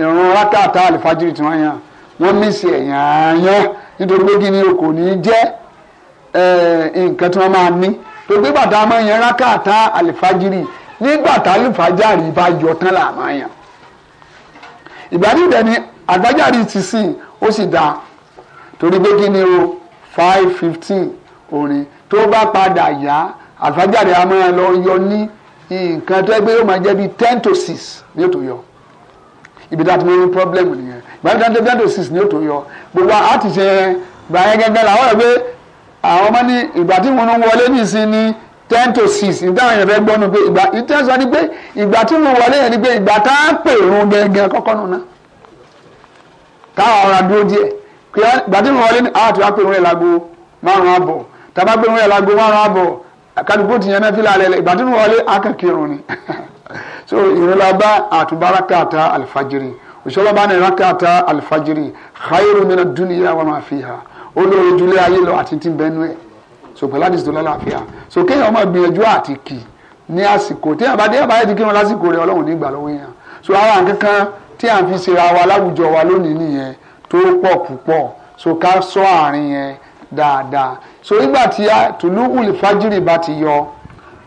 ìrun raka ata alifajiri tí wọ́n yan wọ́n míìsì ẹ̀yàn ààyàn nítorí pé kí ni o kò ní jẹ́ Eh, nǹkan tí wọ́n máa ní tó gbé bàtà máa yan rákàtà àlìfájìrì nígbà tá àlìfájàrì bá yọ tán là máa yan ìgbà ní ìdẹ́ni àgbájáde ti sìn ó sì dáa torí pé kí ni o five fifteen orin tó bá padà yá àlìfájàrì a máa lọ yọ ní nǹkan tó ẹgbẹ́ yóò máa jẹ́ bíi ten to six ní ètò yọ ibi tá a ti mú problem nìyẹn ìgbà ní ten to six ní ètò yọ gbogbo àtìṣe gbàyẹn gẹ́gẹ́ làwọn ẹ̀ àwọn ọmọ ní ìgbà tí wọn ń wọlé nìsín ní ten to six ìdáhùn yẹn fẹ́ gbọ́nu pé ìgbà ìtẹ́sọ ni pé ìgbà tí wọn wọlé yẹn ni pé ìgbà tá à ń pè irun gẹ́gẹ́ kọ́kọ́ nù náà táwọn ọ̀rọ̀ àdúró díẹ̀ ìgbà tí wọn wọlé ni àwọn àti wá pè irun yẹn lágbo márùn-ún àbọ̀ tàbá pè irun yẹn lágbo márùn-ún àbọ̀ kálukú ti yẹn mẹ́fìlà alẹ́ ìgbà tí wọn wọlé akẹ́kẹ̀rún ni *laughs* la bá wa ma olóore jùlé ayé lọ àti ti bẹnu ẹ̀ so pẹ̀lú àdìsí tó lálàáfíà so kéèyàn máa gbìyànjú àti kì ní àsìkò tí àbá dé àbá yẹ ti kí wọn lásìkò rẹ̀ Ọlọ́run nígbà lọ́wọ́ yẹn so ara kankan tí à ń fi ṣe ra wa láwùjọ wa lónìí nìyẹn tó pọ̀ púpọ̀ so ká sọ àárín yẹn dáadáa so nígbà tí tùlú wùlì fájìrì bá ti yọ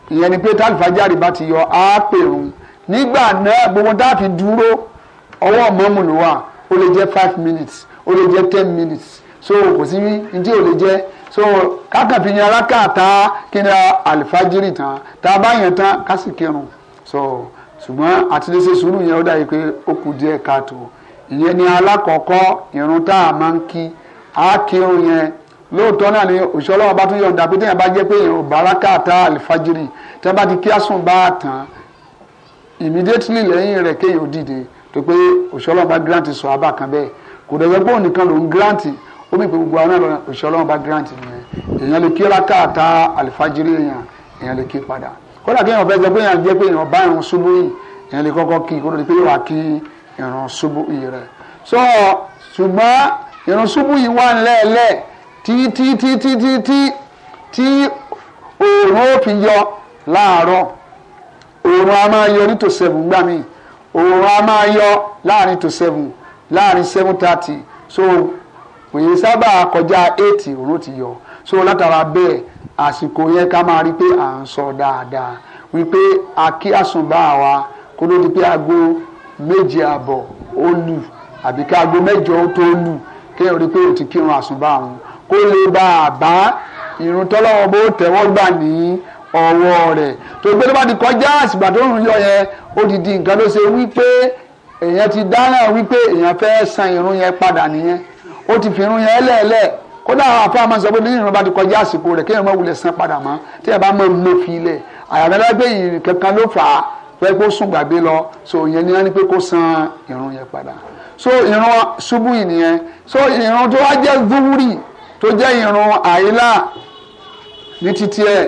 ìyẹn ni pé táàlì fájìrì bá ti yọ á pèrún nígbà náà gbogbo táàfin dúró ọwọ́ mọ́mù ló wà ó lè jẹ́ five minutes ó lè jẹ́ ten minutes so kò sí ní ò lè jẹ́ so kákàtí ni alákàtà kí ni àlìfájírì tán ta a bá yẹn tán ká kírun so ṣùgbọ́n àtúndéṣe sùúrù yẹn ó dàbí pé ó kù díẹ̀ káàtó ìyẹn ni alákọ̀ọ́kọ́ irun tá a máa ń kí á kírun yẹn lóòótọ́ náà ni òṣìṣẹ́ ọlọ́run bá tún yọ̀ǹda pé téèyàn bá jẹ́ pé èèyàn ò bá alákàtà àlìfájírì tí wọ́n bá ti kí àsùn bá a tán immediately lẹ́yìn rẹ̀ kéèyàn ó dìde tó pé òṣìṣẹ́ bá gírántì sọ abá kan bẹ́ẹ̀ kò dẹ̀ yẹ pé òun nìkan lòún gírántì ó bí gbogbo àwọn ọ̀nà òṣìṣẹ́ ọlọ́run bá grant nìyẹn èèyàn lè kí rákàtà àlìfájírí èèyàn èèyàn lè kí padà kódà kí èèyàn fẹ́ sọ pé èèyàn jẹ́ pé èèyàn bá ìrun ṣubú yìí èèyàn lè kọ́kọ́ kí kó tó di wá kí ìrun ṣubú yìí rẹ̀ so ṣùgbọ́n ìrun ṣubú yìí wà lẹ́ẹ̀lẹ́ tí tí tí tí tí tí tí òòrùn ó fi yọ láàárọ̀ òòrùn a máa yọ ní tò seven gbà míì òòrùn a máa yọ láàrin tò seven láàrin seven thirty so òye sábà kọjá eight òun ti yọ so látara bẹ́ẹ̀ àsìkò yẹn ká máa rí pé à ń sọ dáadáa wípé akí àsùnbà wa kó ló di pé aago méje àbọ̀ ó lù àbí ká aago mẹ́jọ ó tó lù kéèyàn rí pé ó ti kírun àsùnbà òun kó lè bá a bá irun tọ́lọ́wọ́ bó tẹ́wọ́ gbà ní ọwọ́ rẹ̀ tó gbé tó bá ti kọjá àsìgbà tó ń yọ yẹn ó ti di nǹkan ló ṣe wípé èèyàn ti dáná wípé èèyàn fẹ́ san irun yẹn padà nìyẹn ó ti fi irun yẹn lẹ́ẹ̀lẹ́ kódà àwọn afẹ́ àmọ́ sọ pé nínú ìrún bá ti kọjá àsìkò rẹ̀ kéèyàn máa wulẹ̀ san padà mọ́ tí ẹ bá máa mọ fi ilẹ̀ àyàfẹ́ yìí kankan ló fà á fẹ́ kó sùn gbàgbé lọ so ìyẹn ni wọ́n ní pé kó san ìrún yẹn padà so ìrún ṣubú yìí nìyẹn so ìrún tó wá jẹ́ zuwúrì tó jẹ́ ìrún àyílà ní títí ẹ̀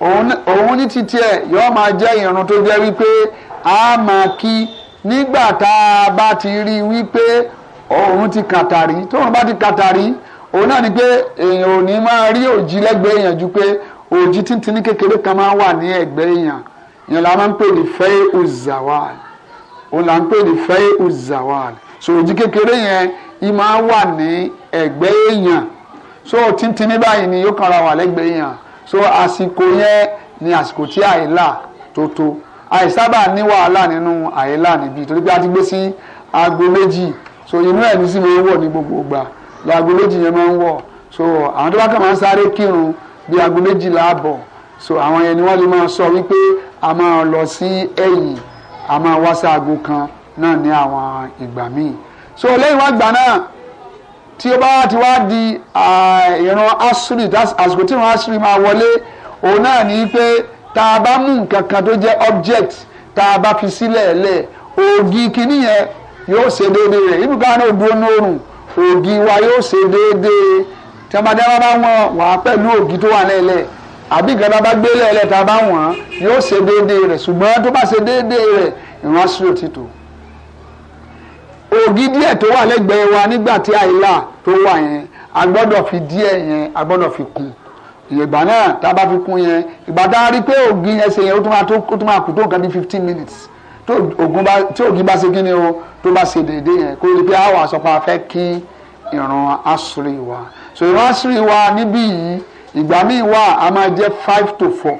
òun ní títí ẹ̀ yóò máa jẹ́ ìrún tó jẹ́ wípé a máa kí nígbà tá a bá ti rí wípé òun ti kàtàrí tóun bá ti kàtàrí òun náà ni pé èèyàn ò ní máa rí òjì lẹ́gbẹ̀ẹ́ èèyàn ju pé òjì títí ní kékeré kan máa wà ní ẹ̀gbẹ́ èèyàn èèyàn la máa ń pè ní fẹ́ uzawal òun là ń pè ní fẹ́ uzawal so òjì kékeré yẹn ì máa wà ní ẹ̀gbẹ́ èèyàn so títí ní báyìí ni yóò kàn ra wà lẹ́gbẹ̀ẹ́ èèyàn so àsìkò yẹn ni àsìkò tí àìlà tó tó àìsábà ní wàhálà nínú àìlà níbi torí pé a ti gbé sí aago méjì so inú ẹ̀ ní sí lè wọ̀ ní gbogbo ìgbà láago méjì yẹn máa ń wọ̀ so àwọn tó bá kàn máa ń sáré kírun bí aago méjìlá àbọ̀ so àwọn yẹn ni wọ́n lè máa sọ wípé a máa lọ sí ẹ̀yìn a máa wá sí aago kan náà ní àwọn ìgbà míì so lẹ́yìn wá gbà náà tí ó bá ti wá di ìran asiri àsìkò tí ìran asiri máa wọlé òun náà ní pé tá a bá mú nǹkan kan tó jẹ́ object tá a bá fi sílẹ̀ lẹ̀ òògì kìíní yẹn yóò ṣe déédéé rẹ̀ ibi káwọn náà dúró lórùn ògì wa yóò ṣe déédéé tí wọn bá dáná bá wọn wàá pẹ̀lú ògì tó wà lẹ́lẹ̀ àbí ìgbàdá bá gbé lẹ́lẹ̀ tá a bá wọ̀n yóò ṣe déédéé rẹ̀ ṣùgbọ́n tó bá ṣe déédéé rẹ̀ ìran sí òtítọ́ ògì díẹ̀ tó wà lẹ́gbẹ̀ẹ́ wa nígbà tí àìlà tó wà yẹn a gbọ́dọ̀ fi díẹ̀ yẹn a gbọ́dọ̀ fi kún ìgbà náà tá a bá fi kún yẹn ìgbà tá a rí pé ògì yẹn ṣe yẹn ó tún máa kù tó nǹkan bí fifteen minutes tó ògùn bá tí ògì bá ṣe kíni o tó bá ṣe dédé yẹn kó lè bí àwọn àsọpọ̀ afẹ́ kí ìrun asiri wa so ìrun asiri wa níbí yìí ìgbà míì wà á máa jẹ́ five to four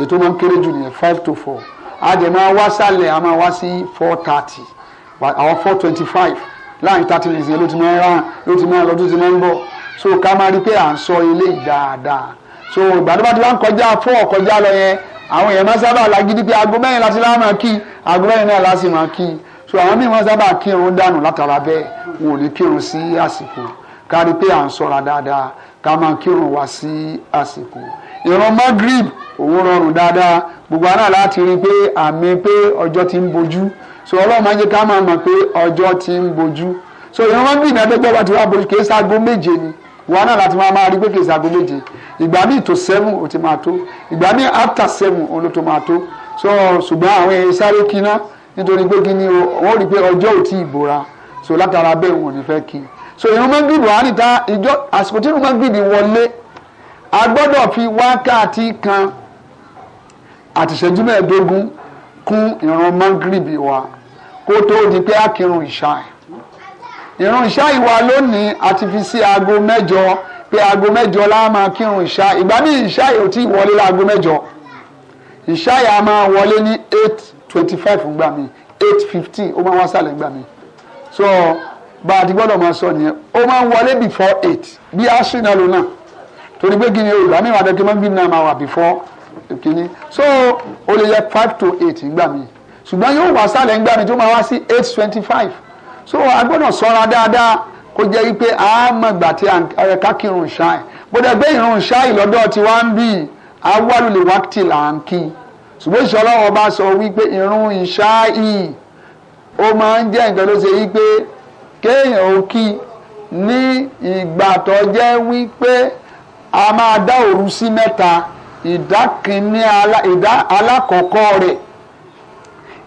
ètò máa ń kéré jù nìyẹn five to four a dẹ̀ máa wá sálẹ̀ a máa wá sí four thirty àwọn four twenty five láàrin thirty minutes yẹn ló ti máa ń ló ti máa ń lọ ti máa ń bọ̀ so ká máa rí pé à ń sọ ilé dáadáa so ìgbà tó bá ti kọjá four kọjá lọ yẹn àwọn èèyàn máa sábà lagidi pé aago mẹ́rin láti láwọn máa kí aago mẹ́rin náà láti máa kí so àwọn míì máa sábà kírun dànù látara bẹ́ẹ̀ wọn ò ní kírun sí àsìkò kárí pé à ń sọ̀ra dáadáa ká máa kírun wá sí àsìkò ìran magrib òun rọrùn dáadáa gbogbo àná láti rí i pé àmì pé ọjọ́ ti ń bojú so ọlọ́run máa ń jẹ́ ká máa mọ̀ pé ọjọ́ ti ń bojú so ìran magrib náà dẹ́gbẹ́ wá ti wá bojú kì í ságo méje ni wọn náà láti máa máa rí gbèkè sago méje ìgbà míì tó seven ó ti máa tó ìgbà míì after seven ó ló tó máa tó so ṣùgbọ́n àwọn èèyàn sáré kíná nítorí pé ni wọ́n rí pé ọjọ́ ò tí ì bora so látara bẹ́ẹ̀ wọn ò ní fẹ́ kí i so ìrun mọ́gìrì wà níta ìjọ àsìkò tí ìrun mọ́gìrì wọlé a gbọ́dọ̀ fi wákàtí kan àtìṣẹ́jú mẹ́ẹ̀ẹ́dógún kún ìrun mọ́gìrì wa kó tó di pé a kírun ìṣáì ìrun ìṣá ìwà lónìí àti fi sí aago mẹ́jọ pé aago mẹ́jọ la máa kírun ìṣá ìgbà míì ìṣá yìí ò tí ì wọlé láago mẹ́jọ ìṣá yìí máa wọlé ní eight twenty five ńgbà míì eight fifteen ó máa wá sàlẹ̀ ńgbà míì so bá a ti gbọ́dọ̀ máa sọ nìyẹn ó máa ń wọlé before eight bí a ṣì náà lò náà torí pé kí ni olùgbà míì wàá dẹ́kẹ́ mọ́gbìn náà máa wà before kìíní so ó lè yẹ five to eight ńgbà míì ṣùgbọ́n yóò wá sàlẹ̀ ńgbà míì tó máa wá sí eight twenty five so a gbọ́dọ̀ sọ́ra dáadáa kó jẹ́ wípé a mọ̀ ìgbà tí ọ̀rẹ́ ká kírun ṣáì bóde gbé ìrun ṣáì lọ́dọ̀ tí wá ń bì awálùlẹ̀ wákìtì là ń kí ṣùgbọ́n ọba sọ wípé irun ìṣáì ó máa ń jẹ́ nǹkan ló ṣe wípé kéèyàn ó kí ní ìgbà tó jẹ́ wípé a máa dá òru sí mẹ́ta ìdá kìíní alákọ̀ọ́kọ́ rẹ̀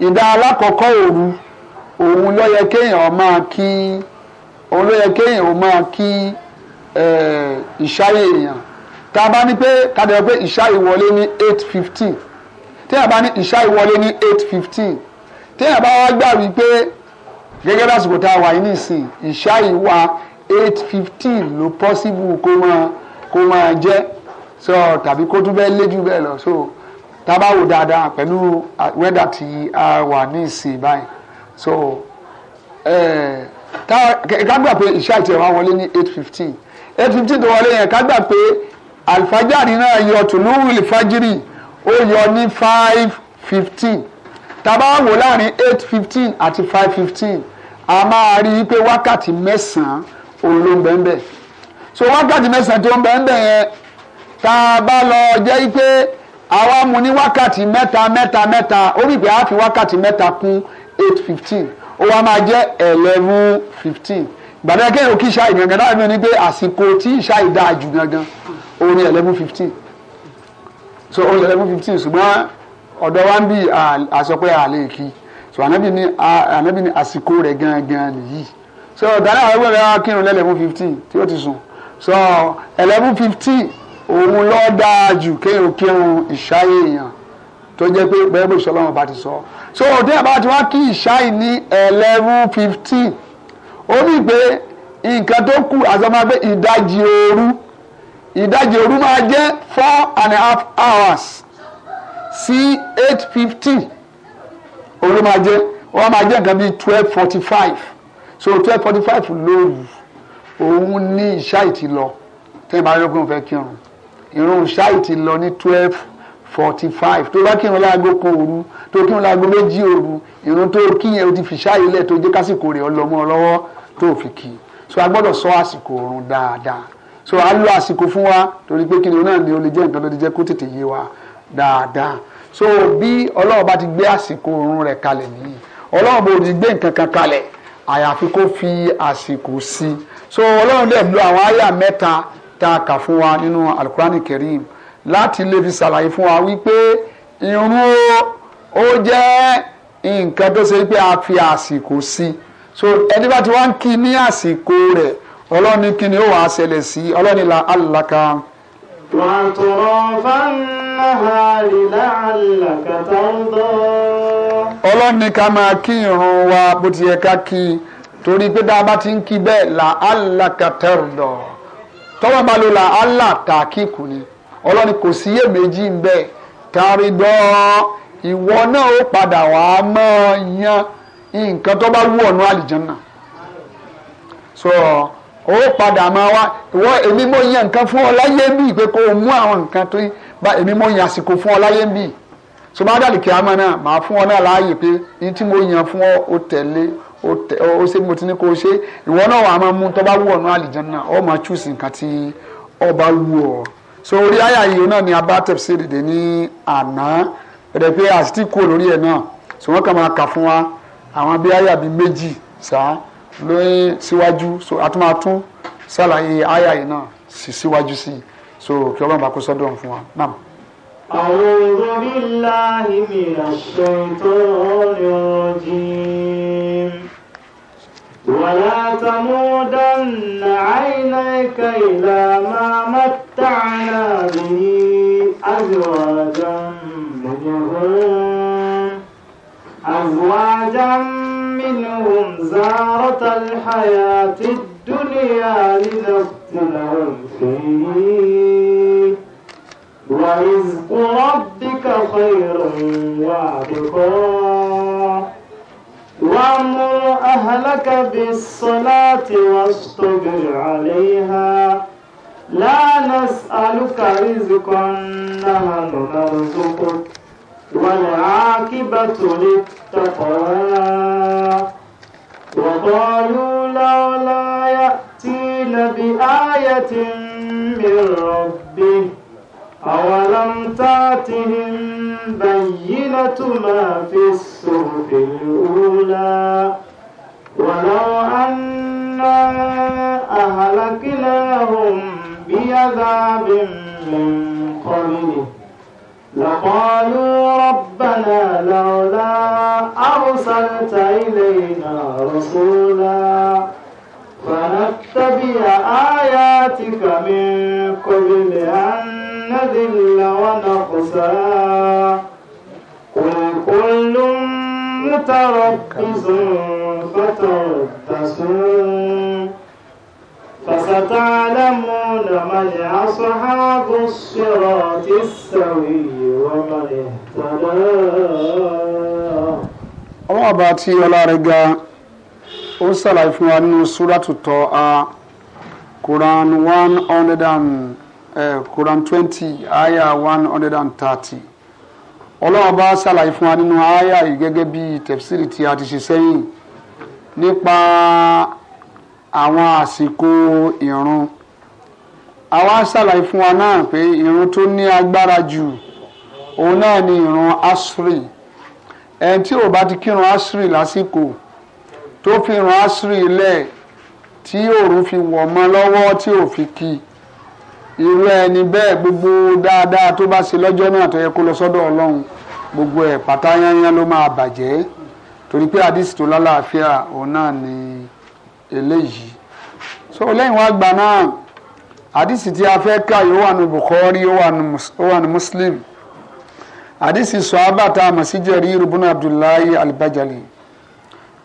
ìdá alákọ̀ọ́kọ́ òru òun ló yẹ kéèyàn máa kí òun ló yẹ kéèyàn máa kí ìṣáyé èèyàn tá a bá ní pé ká dẹ̀ pé ìṣáyé wọlé ní eight fifteen téèyàn bá ní ìṣáyé wọlé ní eight fifteen téèyàn bá wá gbà wípé gẹ́gẹ́ lásìkò tá a wà yìí nìsín ìṣáyé wa eight fifteen ló possible kó máa kó máa jẹ́ so tàbí kó tún bẹ́ẹ̀ lé jù bẹ́ẹ̀ lọ so tá a bá wò dáadáa pẹ̀lú uh, wẹ́dà tí a wà ní ìsìn báyìí so eh, ká gbà pé ìṣá ìtẹ̀ wá wọlé ní eight fifteen eight fifteen tó wọlé yẹn ká gbà pé alifajari náà yọ tùlùú ìfajiri ó yọ ní five fifteen tàbá wò láàrin eight fifteen àti five fifteen a máa rí i pé wákàtí mẹ́sàn-án òun ń bẹ́ẹ̀ bẹ́ẹ̀ so wákàtí mẹ́sàn-án tó ń bẹ́ẹ̀ bẹ́ẹ̀ yẹn tá a bá lọ jẹ́ pé àwa mu ní wákàtí mẹ́ta mẹ́ta mẹ́ta ó rí i pé a fi wákàtí mẹ́ta kún eight fifteen ó wá máa jẹ́ eleven fifteen gbàdá kéèyàn kí ṣáì gangan náà mi ni pé àsìkò tí ṣáì dáa jù gangan ó ní eleven fifteen so ó ní eleven fifteen ṣùgbọ́n ọ̀dọ̀ wa ń bí àsọpẹ́ àlè kí so ànábì ni ànábì ni àsìkò rẹ̀ gangan nìyí so ọ̀dàlẹ́ àwọn ẹgbẹ́ rẹ̀ wá kírun lẹ́ eleven fifteen tí ó ti sùn so eleven fifteen òun lọ́ọ́ dáa jù kéèyàn kírun ìṣáyé èèyàn tó jẹ́ pé bẹ́ẹ̀ bó sọlọ́wọ́n bá ti sọ. so òde àbá ti wá kí ìṣáì ní eleven fifteen ó ní pé nǹkan tó kù àzọmágbé ìdajì òru ìdajì òru máa jẹ́ four and a half hours sí eight fifty òru máa jẹ́ wọ́n máa jẹ́ nǹkan bíi twelve forty five so twelve forty five lóru òun ní ìṣáì ti lọ tẹ́lẹ̀ bá yọ pé òun fẹ́ kírun ìrun ìṣáì ti lọ ní twelve forty five tó bá kírun láago kan òru tó kírun láago méjì òru ìrun tó kíyẹn o ti fi ṣáàyè tó jẹ́ kásìkò rẹ̀ ọlọ́mọ lọ́wọ́ tó fi kì so a gbọ́dọ̀ sọ àsìkò òrun dáadáa so a lo àsìkò fún wa torí pé kíni náà ni o lè jẹ́ nǹkan tó lè jẹ́ kó tètè yé wa dáadáa so bí Ọlọ́run bá ti gbé àsìkò òrun rẹ̀ kalẹ̀ nìyí Ọlọ́run bò ní gbé nǹkan kan kalẹ̀ àyàfi kó fi àsìkò sí so Ọlọ́run dẹ̀ lo àwọn àyà mẹ́ta tá a kà fún wa nínú alukurani kerim láti lè fi ṣàlàyé fún wa wípé irun o ó jẹ́ nǹkan tó ṣe pé a fi àsìkò sí so ẹni bá ti wá ń kí ní àsìkò rẹ̀ ọlọ́ni kí ni ó wàá ṣẹlẹ̀ sí ọlọ́ni la alaka. wàá tó rọ fáńnàhà lílá alaka tó ń bọ̀. ọlọ́ni ká máa kí irun wa bó ti yẹ ká kí i torí pé bá bá ti ń kí bẹ́ẹ̀ la alaka tẹ̀rọ̀ tọ́wọ́ bá lo la alá tàkìkù ni ọlọ́ni kò sí iyèméjì ń bẹ kárí gbọ́n ìwọ náà ó padà wà á mọ́ yan nǹkan tó bá wù ọ̀nà àlìjánná so ó padà máa wá ìwọ èmi mo yan nǹkan fún ọ láyé bíi pé kó o mú àwọn nǹkan tó bá èmi mo yan àsìkò fún ọ láyé bíi so máa dàlí kí a máa náà máa fún ọ náà láàyè pé ní tí mo yan fún ọ ó tẹ̀lé ó ṣe mo ti ní kó o ṣe ìwọ náà wà á máa mú tó bá wù ọ̀nà àlìjánná ọ máa chúùsì nǹkan tí ọ bá ọ so orí àyà yìí náà ni a bá tafsir dìde ní àná ẹ̀rẹ̀ pé a ti kú lórí ẹ̀ náà so wọ́n kàn máa kà fún wa àwọn bí àyà bíi méjì sá lóyún síwájú so a tún máa tún ṣàlàyé àyà yìí náà sì síwájú sí i so kí ọlọ́run bá kó sọ́dọ̀ fún wa náà. أعوذ بالله من الشيطان الرجيم ولا تمودن عينيك إلى ما متعنا به أزواجا منهم أزواجا منهم زارة الحياة الدنيا لنفتنهم فيه ورزق ربك خير وأبقى وأمر أهلك بالصلاة واصطبر عليها لا نسألك رزقا نحن نرزقك والعاقبة للتقوى وقالوا لولا يأتينا بآية من ربه أولم تأتهم بينة ما في الصحف الأولى ولو أنا أهلكناهم بعذاب من قبله لقالوا ربنا لولا أرسلت إلينا رسولا فنتبع آياتك من قبل أن ذل ونقصا قل كل متربص فتربصوا فستعلمون من أصحاب الصراط السوي ومن اهتدى ọwọ́ ọba tí ọlọ́rẹ̀ ga ó ṣàlàyé fún wa nínú súrátù tọ́ a Quran one hundred and Eh, Quran 20, aya 130. hundred and thirty ọlọ́run bá ṣàlàyé fún wa nínú aya yìí gẹ́gẹ́ bí tẹ̀fsírì tí a ti ṣe sẹ́yìn nípa àwọn àsìkò ìrun àwa ṣàlàyé fún wa náà pé ìrun tó ní agbára jù òun náà ni ìrun asri ẹni tí ò bá ti kírun asri lásìkò tó fi ìrun asri lẹ̀ tí òòrùn fi wọ̀ mọ́ lọ́wọ́ tí ò fi kí i irú ẹni bẹ́ẹ̀ gbogbo dáadáa tó bá ṣe lọ́jọ́ náà tó yẹ kó lọ sọ́dọ̀ ọlọ́run gbogbo ẹ̀ pátá yányán ló máa bàjẹ́ torí pé àdìsí tó lálàáfíà òun náà ni eléyìí so lẹ́yìn wá gbà náà àdìsí tí a fẹ́ kà yóò wà ní Bukhari ó wà ní Muslim àdìsí sọ abàtà àmọ̀síjẹ̀rí rubun Abdullahi Al-Bajali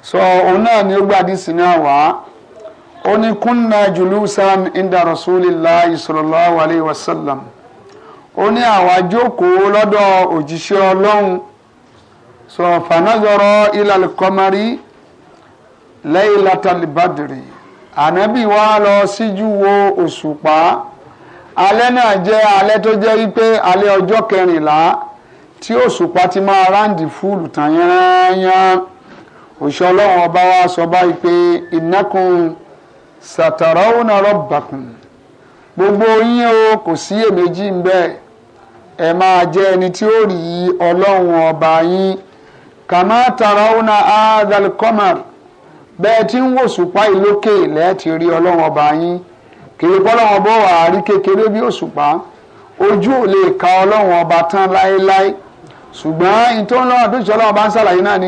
so òun náà ni ó gbà àdìsí náà wá ó ní kúnna julusan inda rasulillahi sallallahu alayhi wa sallam ó ní àwa jókòó lọ́dọ̀ òjíṣẹ́ ọlọ́run sọ fanazọrọ ilal kọmari laylatal badri ànábì wa lọ síjú wo òṣùpá alẹ́ náà jẹ́ alẹ́ tó jẹ́ wípé alẹ́ ọjọ́ kẹrìnlá tí òṣùpá ti máa ráǹdì fúlù tàn yán yán òṣìṣẹ́ ọlọ́run ọba wa sọ báyìí pé ìnákun. sàtàràwùnà rọ̀bàkùn gbogbo yín o kò sí èméjì ń bẹ́ẹ̀ ẹ máa jẹ́ ẹni tí ó rí ọlọ́run ọba yín kàmá tàràwùnà àádàlùkọ́màr bẹ́ẹ̀ tí ń wò ìlókè lẹ́ẹ̀tì rí ọlọ́run ọba yín wà á rí kékeré bí òṣùpá ka ọlọ́run ọba tán láéláé ṣùgbọ́n ń ṣàlàyé náà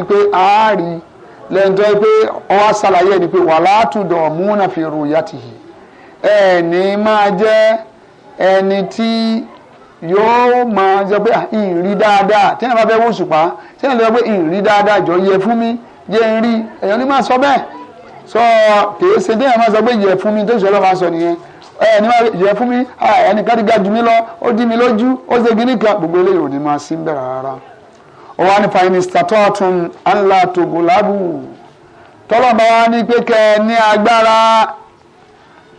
lẹ́yìn tó yẹ pé ọwọ́ àṣàlàyé ni pé wàhálà àtúndọ̀ múnà fi rò yàtì yìí ẹni máa jẹ́ ẹni tí yóò máa jẹ́ pé ìrì dáadáa tí èèyàn bá fẹ́ wòṣùpá tí èèyàn lè sọ pé ìrì dáadáa jọ yẹ fún mi jẹ́ ń rí èèyàn ní máa sọ bẹ́ẹ̀ sọ kìí ṣe déèyàn máa sọ pé yẹ fún mi tó ṣe ọlọ́run sọ nìyẹn ẹni máa yẹ fún mi ẹnìkan ti ga jù mí lọ ó dí mi lójú ó ṣe gíní gbogbo eléyìí ò ní máa sí ń bẹ̀rẹ̀ rárá ó wá ní fainistatọ́tún anla tògòlábù tọ́lọ́mọ wa ní pé kẹ́ ẹ ní agbára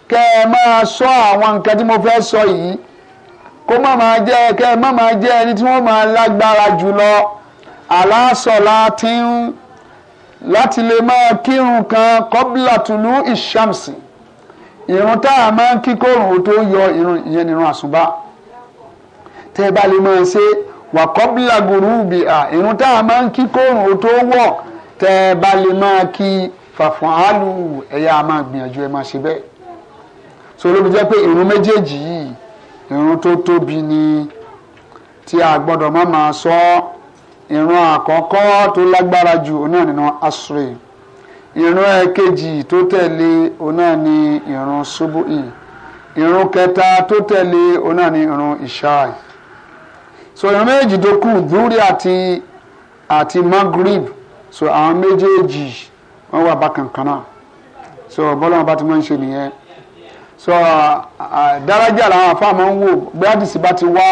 kẹ́ ẹ máa sọ àwọn nǹkan tí mo fẹ́ sọ yìí kó má máa jẹ́ kẹ́ ẹ má máa jẹ́ ẹni tí wọ́n máa lágbára jùlọ aláṣọlá ti ń láti lè máa kírun kan kọ́bílà tùlú ìṣàmsì ìrun tá a máa ń kíkórùn tó yọ ìrun ìyẹn nìrun àṣùbà tẹ́ ẹ bá lè máa ṣe é wà kọ́bílà gòrú à irun tá a máa ń kí kóòrùn tó wọ̀ tẹ́ ẹ bá lè máa kí fàfún àálù ẹ̀yà a máa gbìyànjú ẹ máa ṣe bẹ́ẹ̀ so ló fi jẹ́ pé irun méjèèjì yìí irun tó tóbi ni tí a gbọ́dọ̀ má máa sọ irun àkọ́kọ́ tó lágbára jù ọ̀nà nínú asre irun ẹ̀kejì tó tẹ̀lé ọ̀nà ní irun subuhi irun kẹta tó tẹ̀lé ọ̀nà ní irun ìṣáì so ìran méjì tó kù dúrí àti àti magrib so àwọn méjèèjì wọn wà bákan kan náà so bọ́lá wọn bá ti máa ń ṣe nìyẹn so dárájà làwọn afáàmọ́ ń wò gbádìsí bá ti wá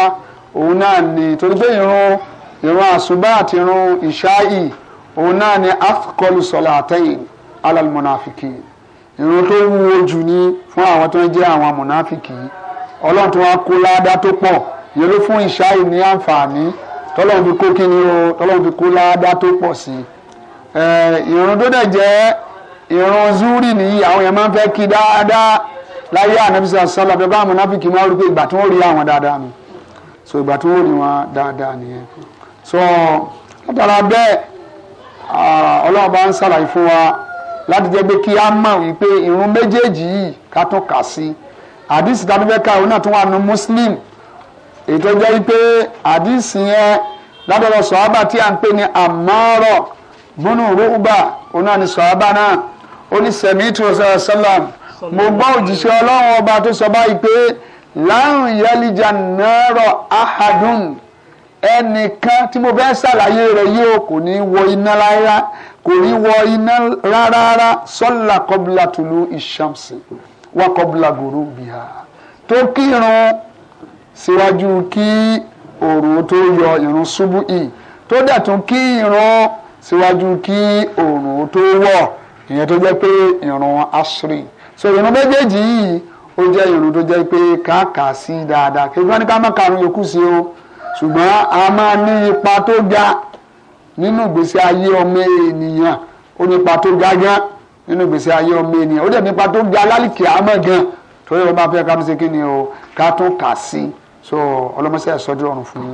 òun náà ni torí pé ìrun ìrun àṣùbá àti ìrun ìṣáì òun náà ni afkọlù sọlá àtẹyìn alálùmọ̀nàfìkì ìrun tó wúwo jù ní fún àwọn tó ń jẹ́ àwọn mọ̀nàfìkì ọlọ́run tó wá kó ládàá tó pọ̀ yẹn ló fún ìṣá yìí ní àǹfààní tọ́lọ́run fi kó kíni o tọ́lọ́run fi kó láàdá tó pọ̀ sí i ìrun tó dẹ̀ jẹ́ ìrun zúrì nìyí àwọn yẹn máa ń fẹ́ kí dáadáa láyé ànábìsí sọlá bẹ́ẹ̀ bá àwọn mọ̀nàfíkì máa rú pé ìgbà tí wọ́n rí àwọn dáadáa nù so ìgbà tí wọ́n rí wọn dáadáa nìyẹn so látara bẹ́ẹ̀ ọlọ́run bá ń ṣàlàyé fún wa láti jẹ́ pé kí á mọ̀ wípé ìrun méjèèjì yìí ká tún kà sí àdìsí tàbí bẹ́ẹ̀ ká òun náà tún wà nù Muslim ètò jẹ́ wípé àdìsí yẹn sọ̀hábà tí a ń pè ní àmọ́rọ̀ gbónú rúbà òun náà ni sọ̀hábà náà ó ní sẹ̀mí tó sọ̀rọ̀ mo gbọ́ òjíṣẹ́ ọba tó sọ báyìí pé láàrùn yálìjà ẹnìkan tí mo ṣàlàyé rẹ̀ yóò kò ní wọ iná rárá kò ní wọ iná rárá sọ́là kọ́bùlà síwájú kí òòrùn tó yọ ìrun ṣubú yìí tó dẹ̀ tún kí ìrun síwájú kí òòrùn tó wọ̀ ìyẹn tó jẹ́ pé ìrun asri so ìrun méjèèjì yìí ó jẹ́ ìrun tó jẹ́ pé káàkà sí dáadáa kí wọ́n ní ká má karùn yòókù sí o ṣùgbọ́n a máa ní ipa tó ga nínú ìgbésí ayé ọmọ ènìyàn ó ní ipa tó ga gan nínú ìgbésí ayé ọmọ ènìyàn ó dẹ̀ ní ipa tó ga lálìkì àmọ́ gan torí ọba fẹ́ ká tún ṣe kí ni o ká tún kà sí i so ọlọmọsẹ àsọdún ọrùn fún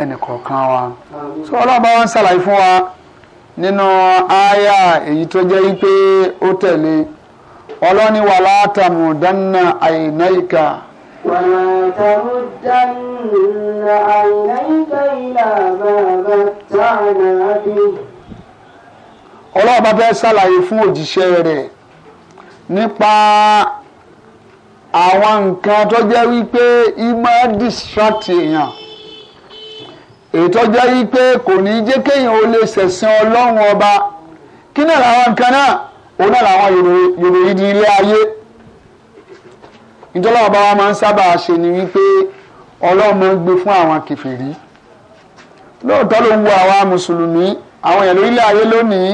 ẹnì wa so ọlọ́ọ̀bá wa ń ṣàlàyé fún wa nínú àyà èyí tó jẹ́ wípé ó tẹ̀lé ọlọ́ni wà látàmú dáná àìná ìka. wàlá tàmú dáná àìná ìka ìlà bàbá tààlà bí. ọlọ́ọ̀bá fẹ́ ṣàlàyé fún òjíṣẹ́ rẹ̀ nípa àwọn nǹkan tó jẹ́ wípé ìmọ̀ distract èèyàn èyí tó jẹ́ wípé kò ní jẹ́ kéèyàn ó lè ṣẹ̀sìn ọlọ́run ọba kí náà làwọn nǹkan náà òun náà làwọn ìròyìn di ilé ayé ìjọba ọba wa máa ń sábà ṣe ni wípé ọlọ́run máa ń gbé fún àwọn kèfèrí lóòótọ́ ló ń wo àwa mùsùlùmí àwọn èèyàn lórílẹ̀ ayé lónìí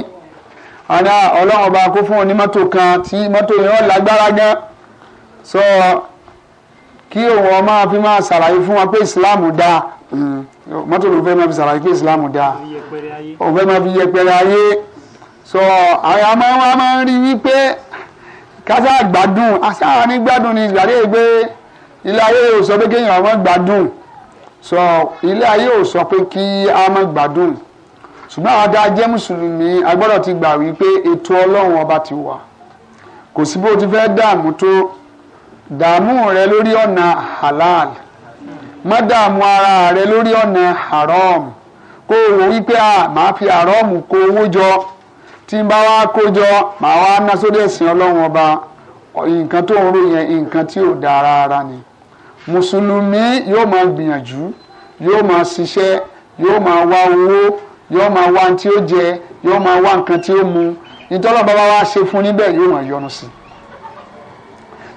àná ọlọ́run ọba kó fún onímọ́tò kan tí mọ́tò yẹn ó lágbára gan-an so kí òun ọmọ fi máa ṣàlàyé fún wa pé islam dáa mọ́tò ló fẹ́ máa fi ṣàlàyé pé islam dáa òun fẹ́ máa fi yẹpẹrẹ ayé so àwọn ọmọ wa máa ń rí wípé kásá gbádùn asáà ní gbádùn ni ìgbàdé pé ilé ayé ò sọ pé kéèyàn ọmọ gbádùn so ilé ayé ò sọ pé kí a má gbádùn ṣùgbọ́n àwọn tá a jẹ́ mùsùlùmí a gbọ́dọ̀ ti gbà wípé ètò ọlọ́run ọba ti wà kò sí bó ti fẹ́ dààmú tó dààmú rẹ lórí ọ̀nà halal má dààmú ara rẹ lórí ọ̀nà haram kó o wò wípé a máa fi haram kó owó jọ tí n bá wá kó jọ màá wá ná sódì ẹ̀sìn ọlọ́run ọba nǹkan tó ń rò yẹn nǹkan tí ò dáa rárá ni mùsùlùmí yóò máa gbìyànjú yóò máa ṣiṣẹ́ yóò máa wá owó yóò máa wá tí ó jẹ yóò máa wá nǹkan tí ó mu ìtọ́lọ́ bàbá wa ṣe fún níbẹ̀ yóò máa yọnu sí i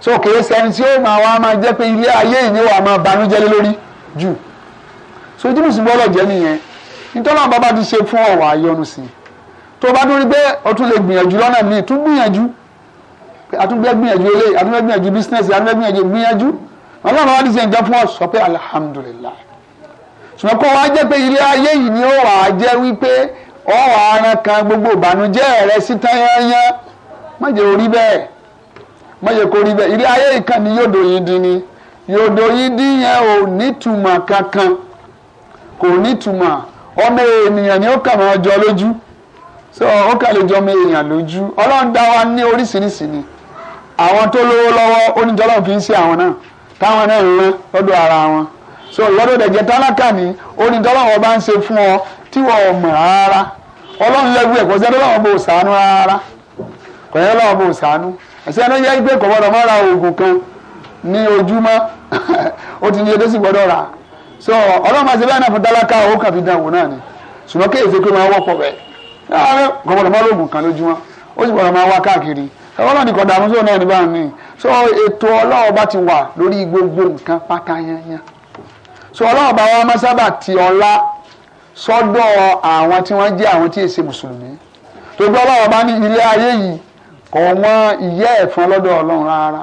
so kì í ṣẹni tí ó máa wá máa jẹ́ pé ilé ayé yìí ni wàá máa banújẹ́ lé lórí jù so ojú mùsùlùmí gbọ́dọ̀ jẹ́ nìyẹn nítorí àwọn bàbá ti ṣe fún ọ̀wà ayọ́nu sí i tó o bá dúró pé o tún lè gbìyànjú lọ́nà míì tún gbìyànjú àtúngbẹ́ gbìyànjú eléyìí àtúngbẹ́ gbìyànjú bísínẹ́sì àtúngbẹ́ gbìyànjú gbìyànjú ọlọ́run wa ti ṣe nǹkan fún ọ sọ pé alhamdulillah ṣùgbọ́n kó wá jẹ́ pé ilé ayé yìí ni ó wà á jẹ́ wípé ọ wà á ran kan gbogbo ìbànújẹ́ rẹ sí tán yányán má jẹ́ orí bẹ́ẹ̀ mọ̀yẹ kò rí bẹ́ẹ̀ ilé ni ìkànnì yòdò yìí dín ni yòdò yìí dín kankan kò nítumọ̀ ọmọ ènìyàn ni ó kà máa lójú so ó lè jọ ọmọ èèyàn lójú ọlọ́run dá wa ní oríṣiríṣi ni àwọn tó lówó lọ́wọ́ oníjọ́lọ́run kì í ṣe àwọn náà táwọn náà ń rán lọ́dọ̀ ara wọn so lọ́dọ̀ dẹ̀jẹ̀ tálákà oníjọ́lọ́run ọba ń ṣe fún ọ tí wọ́n mọ̀ rárá ọlọ́run lẹ́gbẹ̀ẹ́ kò ọlọ́run bò rárá kò ẹsẹ ẹni yẹ gbé kọ̀wọ́dọ̀ mọ́ ra oògùn kan ní ojúmọ́ *laughs* ó ti ní edé sì gbọ́dọ̀ rà so ọlọ́run máa ṣe bẹ́ẹ̀ náà fún tálákà ó kàn fi dànwó náà ni ṣùgbọ́n kéèyèsí pé máa wọ́pọ̀ bẹ́ẹ̀ láàárẹ̀ kọ̀wọ́dọ̀ mọ́ oògùn kan lójúmọ́ ó sì gbọ́dọ̀ máa wá káàkiri ọlọ́run ní kọ̀dà àmúṣọ náà ní bá ní so ètò ọlọ́run bá ti wà lórí gbogbo nǹkan pátá so ọlọ́run bá wọn máa sábà ti ọlá sọ́dọ̀ àwọn tí wọ́n jẹ́ àwọn tí èsè mùsùlùmí kò wọ́n ìyẹ́ ẹ̀fọn lọ́dọ̀ ọlọ́run rárá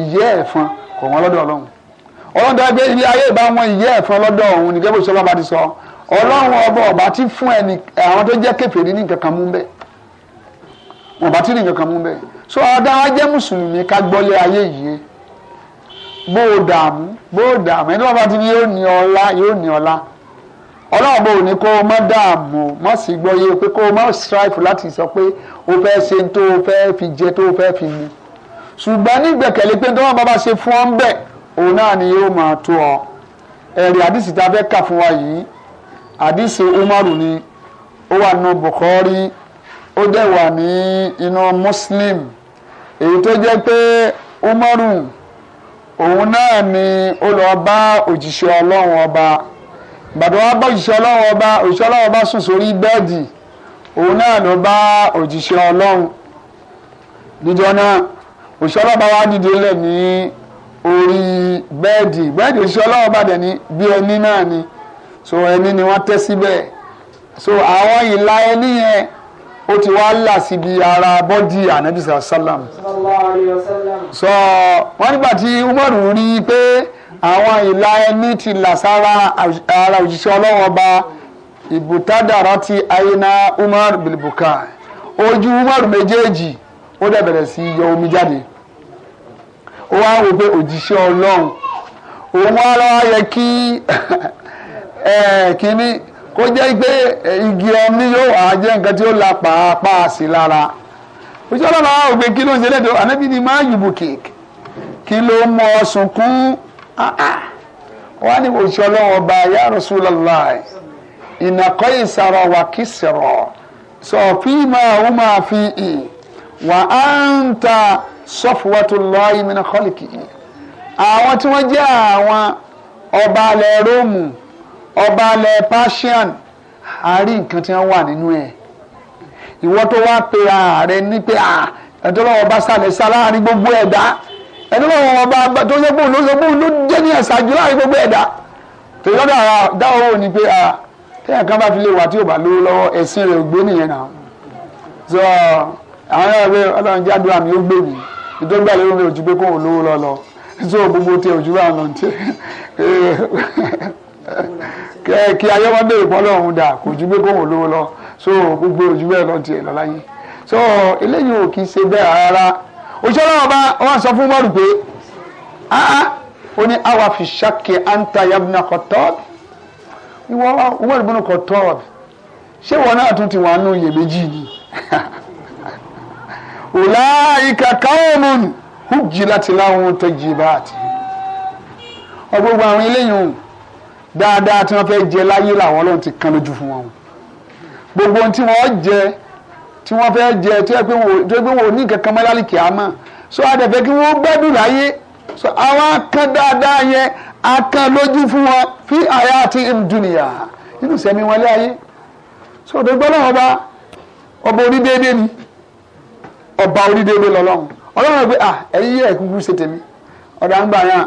ìyẹ́ ẹ̀fọn kò wọ́n lọ́dọ̀ ọlọ́run ọlọ́run tó yẹ pé ibi ayé ìbá wọn ìyẹ́ ẹ̀fọn lọ́dọ̀ ọ̀hún ní kébùsọ̀ bá ti sọ ọlọ́run ọba ọba ti fún ẹni àwọn tó jẹ́ kèfèrí ní nǹkan kan mú bẹ́ẹ̀ wọn bá ti ní nǹkan kan mú bẹ́ẹ̀ so ọ̀dà wa jẹ́ mùsùlùmí ká gbọ́lé ayé yìí bó o dààmú bó o dààmú ẹni tó bá ti ní yóò ní ọlá yóò ní ọlá ọlọ́run bò ní kó má dààmú má sì gbọ́yé pé kó má strife láti sọ pé o fẹ́ ṣe tó o fẹ́ fi jẹ tó o fẹ́ fi mu ṣùgbọ́n nígbẹ̀kẹ̀lé pé tó wọn bá bá ṣe fún ọ ń bẹ̀ òun náà ni yóò máa tó ọ ẹ̀rí àdìsí tá fẹ́ kà fún wa yìí àdìsí umaru ni ó wà nù bukhari ó dẹ̀ wà ní inú muslim èyí tó jẹ́ pé umaru òun náà ni ó lọ bá òjíṣẹ́ ọlọ́run ọba gbàdọ̀ wá bá òjíṣẹ́ ọlọ́run ọba òjíṣẹ́ ọlọ́run ọba sùn sórí bẹ́ẹ̀dì òun náà ló bá òjíṣẹ́ ọlọ́run níjọ́ náà òjíṣẹ́ ọlọ́run ọba wá dìde lẹ̀ ní orí bẹ́ẹ̀dì bẹ́ẹ̀dì òjíṣẹ́ ọlọ́run ọba dẹ̀ ní bí ẹni náà ni so ẹni ni wọ́n tẹ́ síbẹ̀ so àwọn ìlà ẹni yẹn ó ti wá là síbi ara bọ́dì ànábìsà sálàm. sọ wọ́n nígbà tí Umaru rí pé. So, àwọn ìlà ẹni ti là sára ara òjíṣẹ́ ọlọ́run ọba ìbùtádàrá ti àyínà umar bilibuka ojú umar méjèèjì ó dẹ̀ bẹ̀rẹ̀ sí yọ omi jáde ó wá wò pé òjíṣẹ́ ọlọ́run òun ara yẹ kí *laughs* kínní kó jẹ́ pé igi ọmí yóò wá jẹ́ nǹkan tí ó la pàápàá sí lára òjíṣẹ́ ọlọ́run àwọn ògbé kí ló ń ṣe lẹ́dọ̀ọ́ ànábì ni yùbù kéèkì kí ló mọ ọ sunkún Ah, ah. wọ́n á ní òṣìṣẹ́ ọlọ́run ọba ya Rasulullah ìnàkọ́ ìsàrọ̀ wà kí sẹ̀rọ̀ sọ̀fí máa ń máa fi ì wà á ń ta sọ́fùwàtúlọ́ọ̀ min khaliki àwọn tí wọ́n jẹ́ àwọn ọba alẹ̀ róòmù ọba alẹ̀ persian àárí nǹkan tí wọ́n wà nínú ẹ̀ ìwọ́n tó wá pe ààrẹ ní pé àtọ́lọ́wọ́ ah, bá sálẹ̀ sáláàrin gbogbo ẹ̀dá ẹni lọ́wọ́ wọn bá tó yẹ bóun ló yẹ bóun ló jẹ́ ní ẹ̀sàájú láàrin gbogbo ẹ̀dá tó yọ dára dáwọ́ wọn ni pé a téèyàn kan bá fi lè wà tí ò bá lówó lọ́wọ́ ẹ̀sìn rẹ̀ ò gbé nìyẹn náà so àwọn yàrá pé ọlọ́run jáde àmì ó gbé mi nítorí gbà lérò mi ò ju pé kóun lówó lọ lọ so gbogbo tẹ òjú bá lọ tẹ *laughs* kí ayọ́mọdé ìpọ́nlọ́run dà kò ju pé kóun lówó lọ so gbogbo òjú bẹ́ẹ̀ lọ tiẹ̀ lọ́láyé so eléyìí ò kì í ṣe bẹ́ẹ̀ rárá òṣìṣẹ́ ọlọ́wọ́ bá wọn sọ fún Umaru pé áá ó ní awa fi ṣàkè anta yabna Khattab ìwọ Umaru bínú Khattab ṣé wọn náà tún ti wà nù iyèméjì ni *laughs* ulaika qaumun hujjilat lahum tajibati ọgbọgbọ àwọn eléyìí dáadáa tí wọn fẹẹ jẹ láyé làwọn Ọlọ́run ti kan lójú fún wọn gbogbo ohun tí wọn jẹ tí wọ́n fẹ́ jẹ tí wọ́n pé wọn ò ní kankan mọ́ lálẹ́ kìámà so àdẹ̀fẹ́ kí wọ́n gbẹ́dùn láyé so àwọn akán dáadáa yẹn akán lójú fún wọn fi àyà àti ìdùnnìyà nínú sẹ́mi wọn ayé so òde gbọ́dọ̀ ọba ọba onídéédé ni ọba onídéédé lọ́lọ́run ọlọ́run pé à ẹ̀yìn yẹ ẹ̀kúkú ṣe tèmi ọ̀dà ń gbà yàn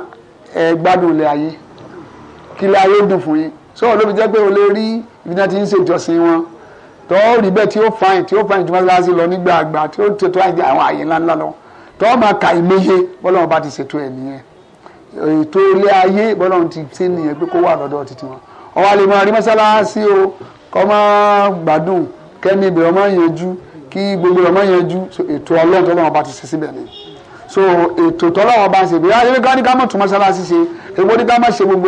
ẹ̀ gbádùn ilé ayé kí ilé ayé dùn fún yín so olóbi jẹ́ pé o lè rí ibi náà ti ń ṣèjọsìn wọn tó rí bẹ́ẹ̀ tí ó fain tí ó fain tí mọ́sálásí lọ nígbà àgbà tí ó tètò àìdí àwọn àyè ńláńlá lọ tó máa ka ìmẹ́yẹ bọ́lọ́run bá ti ṣètò ẹ̀ nìyẹn ètò ilé ayé bọ́lọ́run ti ṣe nìyẹn pé kó wà lọ́dọ̀ títí wọn ọwọ́ àlè máa rí mọ́sálásí o kọ́ máa gbádùn kẹ́mi ìbẹ̀rẹ̀ máa yanjú kí gbogbo ẹ̀ máa yanjú ètò ọlọ́run tó bá ti ṣe síbẹ̀ so ètò tọ́lọ́wọ́ bá ṣe bíi ayé ká ní ká mọ̀ tún mọ́sálásí ṣe èwo ní ká má ṣe gbogbo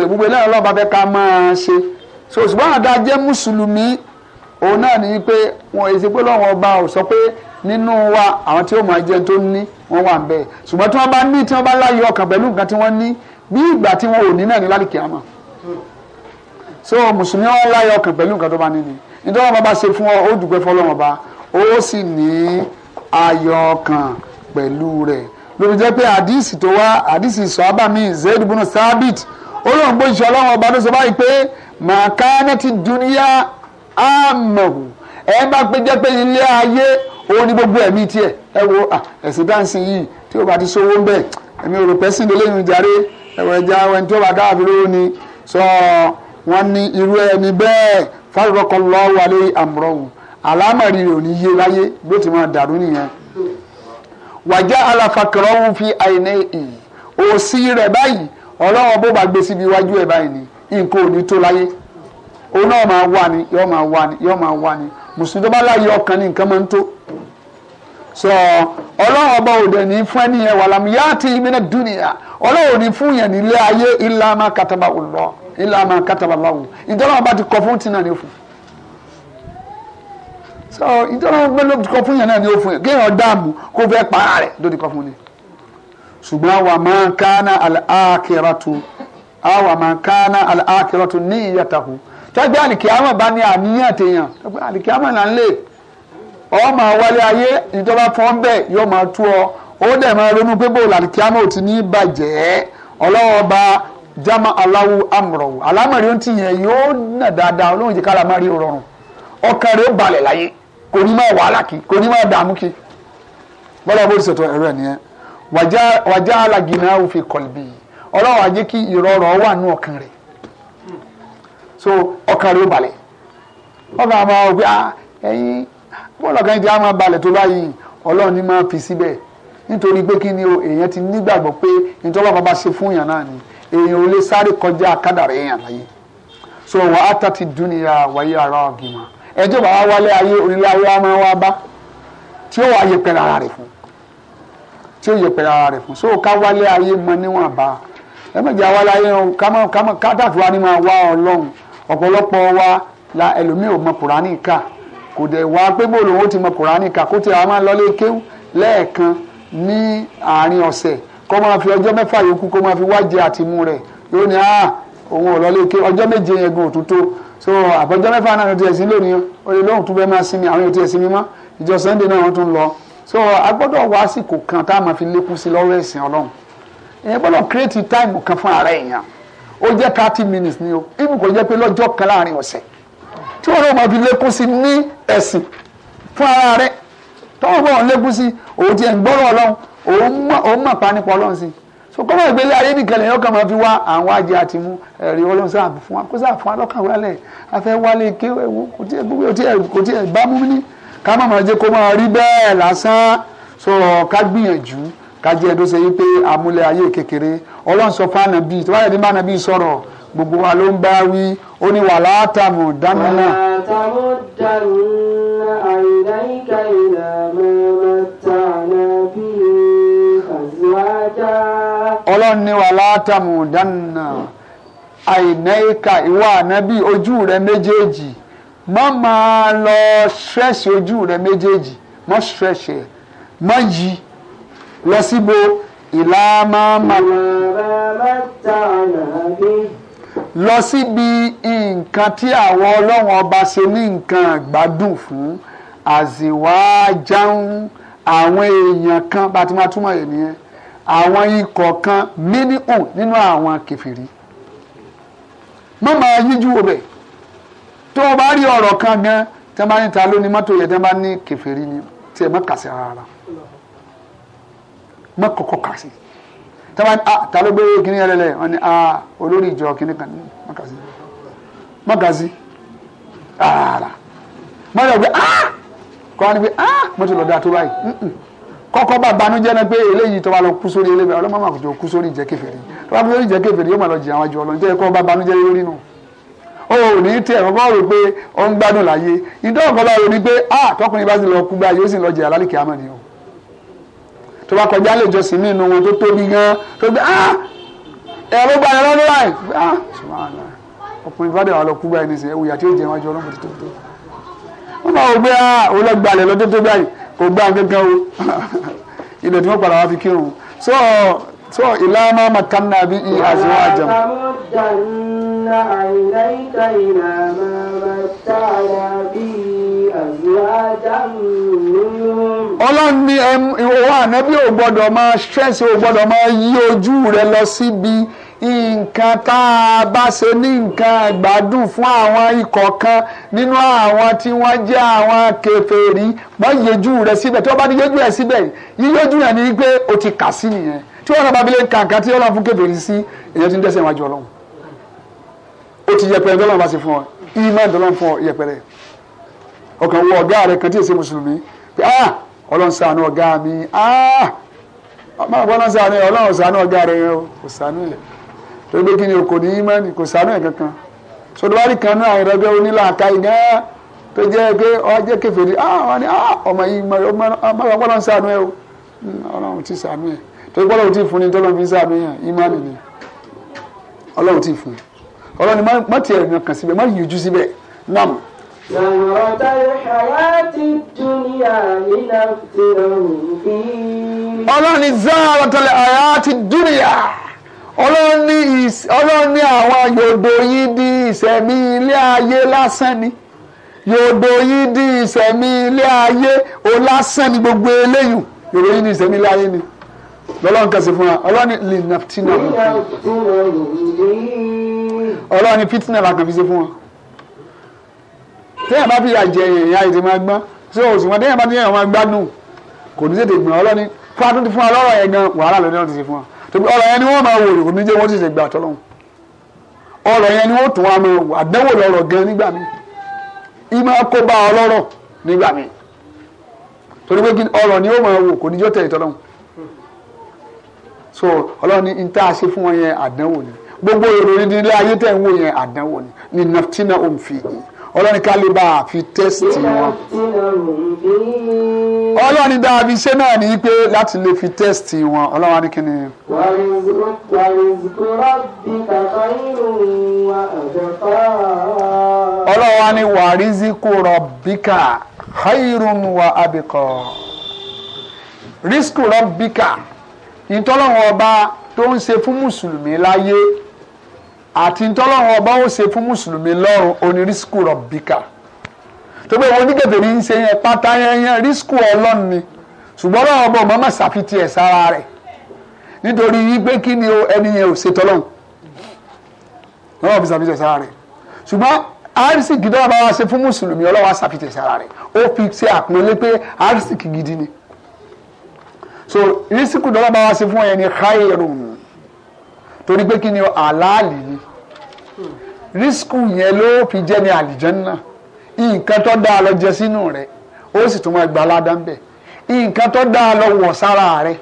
so ṣùgbọ́n àdá jẹ́ mùsùlùmí òun náà ní pé wọn èsì pé lọ́wọ́ ọba ò sọ pé nínú wa àwọn tí ó máa jẹun tó ní wọn wà ń bẹ ṣùgbọ́n tí wọ́n bá ní tí wọ́n bá láyé ọkàn pẹ̀lú nǹkan tí wọ́n ní bí ìgbà tí wọn ò ní náà ní lálùkì àmọ́ so mùsùlùmí wọn láyé ọkàn pẹ̀lú nǹkan tó bá ní ni nítorí wọn bá ṣe fún ọ ó dùgbẹ́ fọlọ́wọ́n ba ó sì ní ayọ̀ ọkàn pẹ̀lú rẹ̀ lórí jẹ́ pé àdìsí tó wá àdìsí sọ abami zayd bunu sabit ó lóun gbóṣìṣẹ́ ọlọ́run ọba tó sọ báyìí pé màkánẹ́tì dúníyà àmọ̀hù ẹ bá pé jẹ́ pé ilé ayé òun ni gbogbo ẹ̀mí tiẹ̀ ẹ wo ẹ̀sìn dáǹsì yìí tí o bá ti sówó ń bẹ̀ ẹ̀mí rò pẹ́ sí ilé ìjàre ẹ̀wọ̀n ẹja ẹni tí ó bá dáàbò lówó ni sọ wọn ní irú ẹni bẹ́ẹ̀ fárọkọ lọ́wọ́ alẹ́ àmúrọ̀hùn àlámọ̀rí rẹ̀ ò ní yé láyé bó ti máa dàrú nìyẹn wàjá aláfakọ̀rọ̀hún fi àìní ìyí òsì rẹ̀ báyìí ọlọ́wọ́ bó bá gbé síbi iwájú ẹ̀ báyìí ni nǹkan ò ní tó láyé òun náà máa wà ní yóò máa wà ní yóò máa wà ní mùsùlùmí bá láyé ọkàn ní nǹkan máa ń tó so ọlọ́run ọba òde ní fún ẹni yẹn wà lámú yáàtì ìmínà dúnìyà ọlọ́run ní fún yẹn nílé ayé ìlànà kàtàbà ọlọ ìlànà kàtàbà láwù ìjọba ọba ti kọ fún tìǹà ní òfin so ìjọba ọba ti kọ fún yẹn náà ní òfin yẹn kéèyàn dààmú kó fẹ́ pààrà rẹ̀ lórí kọ fún ni ṣùgbọ́n àwa máa ń kánà àlàákìrọ̀tù àwa máa ń kánà àlàákìrọ̀tù ní ìyàtàkùn tẹ́gbẹ́ àlìkíámà bá ní àníyàn téèyàn tẹ́gbẹ́ àlìkíámà là ń lè ọ máa wálé ayé ìjọba fọ́n bẹ́ẹ̀ yóò máa tú ọ ó dẹ̀ máa ronú pé bóòlù àlìkíámà ò ti ní bàjẹ́ ọlọ́wọ́ ba jama aláwo amúrọ̀wò alámọ̀rí ó ti yẹn yóò nà dáadáa olóhùn jìkà lámọ̀rí rọrùn ọkàn rẹ̀ ó balẹ̀ láyé kò ní máa wàhálà kí kò ní máa dààmú kí bọ́lá bó ti ṣètò ẹ̀rọ ẹ̀ nìyẹn wàjá alàgìnà òfin kọ̀lbì ọlọ́wọ́ ajé kí ìrọ̀rọ̀ wà nù ọkàn rẹ̀ so ọkàn rẹ̀ ó balẹ̀ ah, ọkàn àwọn ọmọ ọgbẹ́ ẹ̀yìn ọkàn ìdí àwọn balẹ tó báyìí ọlọ́run ni máa fi síbẹ̀ nítorí pé kí ni o èèyàn ti nígbàgbọ́ pé nítorí ọlọ́run bá ṣe fún èèyàn náà ni èèyàn kọjá láyé so wà á ti wáyé ara ọ̀gìmọ̀ bàbá wálé ayé onílé ayé wá bá tí ó wà ara fún tí ó so ká wálé ayé mọ ẹ ayé ká ká ká dàtúwá ni ọ̀pọ̀lọpọ̀ wa la ẹlòmíì ò mọ kùránì kà kò dẹ̀ wá pé bó lòun ti mọ kùránì kà kó tiẹ̀ wá máa lọlé kéwú lẹ́ẹ̀kan ní àárín ọ̀sẹ̀ kó máa fi ọjọ́ mẹ́fà yòókù kó máa fi wájẹ àtìmú rẹ̀ yóò ní ah òun ò lọlé kéwú ọjọ́ méje yẹn gan òtútó so àbọ̀jọ́ mẹ́fà náà ló ti ẹ̀sìn lónìí o lè lóhùn tó bẹ́ẹ̀ máa sinmi àwọn yóò ẹ̀sìn mímọ́ ìjọ Sunday náà wọ́n tún lọ so a gbọ́dọ̀ wá àsìkò kan tá a máa fi lékún sí lọ́rọ̀ ẹ̀sìn Ọlọ́run èèyàn gbọ́dọ̀ create time kan fún ara èèyàn ó jẹ́ thirty minutes ni o even kò jẹ́ pé lọ́jọ́ kan láàrin ọ̀sẹ̀ tí wọ́n náà máa fi lékún sí ní ẹ̀sìn fún ara rẹ̀ tọ́wọ́ bọ̀ ń lékún sí òun ti ẹ̀ ń gbọ́rọ̀ ọlọ́run òun mọ̀ pa nípa ọlọ́run sí so kọ́mọ̀ ìgbélé ayé nìkan lèyàn kan máa fi wá àwọn ajé àti mú ẹ̀rí ọlọ́run sáà fún wa kó sáà fún wa lọ́kàn wálẹ̀ afẹ́ wálé ké ẹ̀wò kò tí ẹ̀ gbogbo kò tí ẹ̀ bá mú ní ká má máa jẹ́ kó máa rí bẹ́ẹ̀ lásán so ká gbìyànjú kájẹ́ ẹ̀dọ́ ṣe wípé amúlẹ̀ ayé kékeré ọlọ́run sọ fún ànàbí tó bá yẹ ní bá ànàbí sọ̀rọ̀ gbogbo wa ló ń bá wí ó ní wàhálà àtàmù dáná náà. wàhálà àtàmù àìdá ìka ìlànà mẹ́ta ànàbí àzíwájá. ọlọ́run ní wàhálà àtàmù dáná àìdá ìka ìwà ànàbí ojú rẹ méjèèjì má máa lọ ṣẹ́ẹ̀ṣì ojú rẹ méjèèjì má ṣẹ́ẹ̀ṣì má yí lọ síbo ìlàmà màlá lọ síbi nǹkan tí àwọn ọlọ́run ọba ṣe ní nǹkan àgbádùn fún àzìwájáun àwọn èèyàn kan bá ti máa túmọ̀ yẹn nìyẹn àwọn ikọ̀ kan mílíọ̀n nínú àwọn kẹfìrí má máa yíjú ọbẹ̀ tó o bá rí ọ̀rọ̀ kan gan tí bá ní ta ló ní mọ́tò yẹn tí bá ní kẹfìrí ni tí ẹ̀ mọ́ kàṣẹ́ rárá má kọ́kọ́ kà sí táwa ni ah ta ló gbé kíní yẹn lẹ́lẹ̀ wọ́n ni ah olórí ìjọ kíní kan má kà sí má kà sí rárá má gbé ah kọ́ ni pé ah mo ti lọ da tó báyìí kọ́kọ́ bá banújẹ́ náà pé eléyìí tó bá lọ kú sórí eléyìí ọlọ́mọ máa jọ kú sórí ìjẹ́ kèfèrí tó bá kú sórí ìjẹ́ kèfèrí yóò máa lọ jẹ àwọn àjọ ọlọ́run tó yẹ kọ́ bá banújẹ́ lórí nù. o ò ní tẹ ẹ̀rọ rò pé ó ń gbádùn láyé ìdánwò bá rò ní pé ah tọkùnrin bá sì lọ kú báyìí ó sì lọ jẹ alálìkè àmọ́ ni o tó bá kọjá lè jọsìn mí inú wọn tó tóbi gan tó gbé ah ẹ̀rọ gba ẹ̀rọ ní láì ah ọkùnrin bá dẹ̀ lọ kú báyìí nísìnyí ẹ̀wù yàtí èjì ẹ̀wájú ọlọ́mọ tó tó wọ́n máa wò pé ah òun lọ gba àlẹ́ tó tó báyìí kò gbá gángan o *laughs* ilẹ̀ tí wọ́n padà wá fi kírun so so ìlànà makanna bí i àzíwá àjàm. ìlànà àìláìka ìlànà bàtà wà bíi ọlọ́run ní ìwọ ànábì ò gbọ́dọ̀ máa stress ò gbọ́dọ̀ máa yí ojú rẹ lọ síbi nǹkan tá a bá ṣe ní nǹkan àgbádùn fún àwọn ikọ̀ kan nínú àwọn tí wọ́n jẹ́ àwọn kèfèrí mọ́ yẹjú rẹ síbẹ̀ tí wọ́n bá ní yẹjú rẹ síbẹ̀ yíyẹjú rẹ ni pé o ti kà sí nìyẹn tí wọ́n náà bá bilé nǹkan kan tí ọlọ́run fún kèfèrí sí èyàn ti ń dẹ́ṣẹ̀ wájú ọlọ́run o ti yẹpẹrẹ dọ́lọ́run bá ṣe fún ọ ìmọ̀ dọ́lọ́run fún ọ yẹpẹrẹ ọkàn wọ ọ̀gá rẹ kan tí èsì mùsùlùmí pé ah ọlọ́run ṣàánú mi ah máa fọ́ ọlọ́run ṣàánú ọlọ́run ṣàánú ọ̀gá rẹ kò ṣàánú ẹ̀ tó gbé kí ni kò ní í mọ́ ni kò ṣàánú ẹ̀ kankan sọdọ́wárì kan náà àyẹ̀rẹ́ bẹ́ẹ̀ onílà àkàyè gan-an tó jẹ́ pé ọjẹ́ kẹfẹ́rí ah wọ́n ní ah ọmọ yìí máa fọ́ ọlọ́run ṣàánú ẹ̀ o hmm, ọlọ́run ti ṣàánú ẹ̀ tó gbọ́ ọlọ́run ti fún ni tọ́lọ́run fi ṣàánú yàn ni ọlọ́run ti fún ọlọ́run má tiẹ̀ kàn síbẹ̀ má زهرة الحياة الدنيا لنفتنهم فيه ọlọ́run ní زهرة الحياة ni ọlọ́run ní àwọn yòdò yìí di ìṣẹ̀mí ilé ayé lásán ni yòdò yìí di ìṣẹ̀mí ilé ayé o lásán ni gbogbo eléyìí yòdò yìí di ìṣẹ̀mí ilé ayé ni lọ́lọ́run kẹsì fún wa ọlọ́run ní lè nàfitínà ọlọ́run ní fitinà làkàn fi ṣe fún wa téèyàn bá fi yà jẹ èèyàn ìyá ètè máa gbọ́n so òṣùwọ̀n téèyàn bá téèyàn máa gbádùn kò ní tètè gbọ̀n ọlọ́ni fún atúntì fún ọlọ́rọ̀ yẹn gan wàhálà lónìí wọn ti ṣe fún wa tóbi ọ̀rọ̀ yẹn ni wọ́n máa wò ní kò ní ti ṣe gbà tọ́lọ́hún ọ̀rọ̀ yẹn ni wọ́n tún wa máa wò àdánwò lọ́rọ̀ gan nígbà mi ìmọ̀ kó bá ọlọ́rọ̀ nígbà mi torí pé ọ̀rọ̀ ni ó máa wò kò ní jọ́ tẹ̀lé tọ́lọ́hún wọn yẹn àdánwò ni ni ní nàftinà um ọlọ́ni ká lè bá a fi tẹ́sítì wọn. ọlọ́ni dàbí ṣé náà ní pé láti lè fi tẹ́sítì wọn ọlọ́wọ́n ní kíni. ọlọ́wọ́n ní wàrísíkù rọ̀bíkà hayrun wa abikọ̀ rísíkù rọ̀bíkà ìtọ́lọ́wọ́n ọba tó ń ṣe fún mùsùlùmí láyé àti ntọ́lọ́run ọba ó ṣe fún mùsùlùmí lọ́rùn onírísíkù rọ̀bìkà tó bẹ́ẹ̀ wọn onígbèbè ní í ṣe yẹn pátá yẹn yẹn rísíkù ọlọ́run ni ṣùgbọ́n ọlọ́run ọba ọba má ṣàfitì ẹ̀ sára rẹ̀ nítorí wípé kí ni ẹni yẹn ò ṣe tọ́lọ́run ọlọ́run ọba ṣàfitì ẹ̀ sára rẹ̀ ṣùgbọ́n arísì gidi ọba wa ṣe fún mùsùlùmí ọlọ́run wa ṣàfitì ẹ̀ sára rẹ̀ ó fi ṣe àpèlé so rísíkù dọ́lọ́ba wa ṣe fún ẹni káyẹ̀rùn torí pé kí ni àlàálì ni rísíkù yẹn ló fi jẹ́ ní àlìjánná nǹkan tó dáa lọ jẹ sínú rẹ̀ ó sì tún máa gba aládá ń bẹ̀ nǹkan tó dáa lọ wọ̀ sára rẹ̀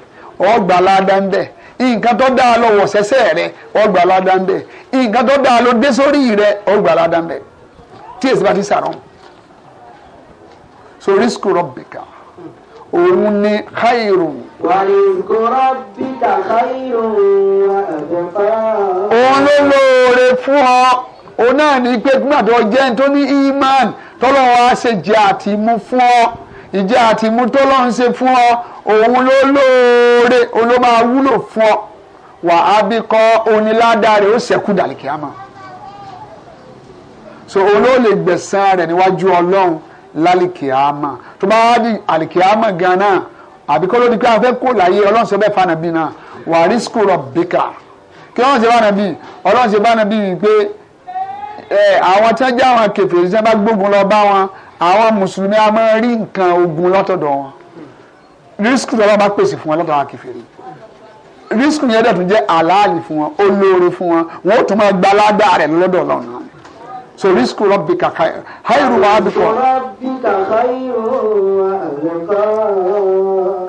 ó gba aládá ń bẹ̀ nǹkan tó dáa lọ wọ̀ sẹ́sẹ́ rẹ̀ ó gba aládá ń bẹ̀ nǹkan tó dáa lọ dé sórí rẹ̀ ó gba aládá ń bẹ̀ tí èsì bá ti sàrọ̀ so rísíkù rọ̀ bìkan òun ni khairu. wàlíkùrọ̀ bíkà khairu àgbẹ̀fà. òun ló lóore fún ọ òun náà ní pé gbàdọ̀ jẹ́ ní tó ní iman tọ́lọ́ wa ṣe jẹ́ àtìmú fún ọ ìjẹ́ àtìmú tọ́lọ́ ń ṣe fún ọ òun ló lóore òun ló máa wúlò fún ọ wà á bí kọ́ oníládàá ó ṣẹ́kù dàlíkì àmọ́ so òun ló lè gbẹ̀san rẹ̀ níwájú ọlọ́run lálìkìámà tó bá wá di àlìkìámà gan náà àbí kọ́ ló di pé àwọn fẹ́ kó láyé ọlọ́run ṣe bẹ́ẹ̀ fànàbí náà wà rísíkù rọ̀bìkà kí wọ́n ṣe fànàbí ọlọ́run ṣe fànàbí pé àwọn tí wọ́n já àwọn kèfèrí tí wọ́n bá gbógun lọ bá wọn àwọn mùsùlùmí a máa rí nǹkan ogun lọ́tọ̀dọ̀ wọn rísíkù tó bá pèsè fún wọn lọ́tọ̀ àwọn kèfèrí rísíkù yẹn dẹ̀ tún jẹ́ àlàálì fún wọn olóore fún wọn wọn ó tún máa gbalágbá so risku rabbika khairu wa abqa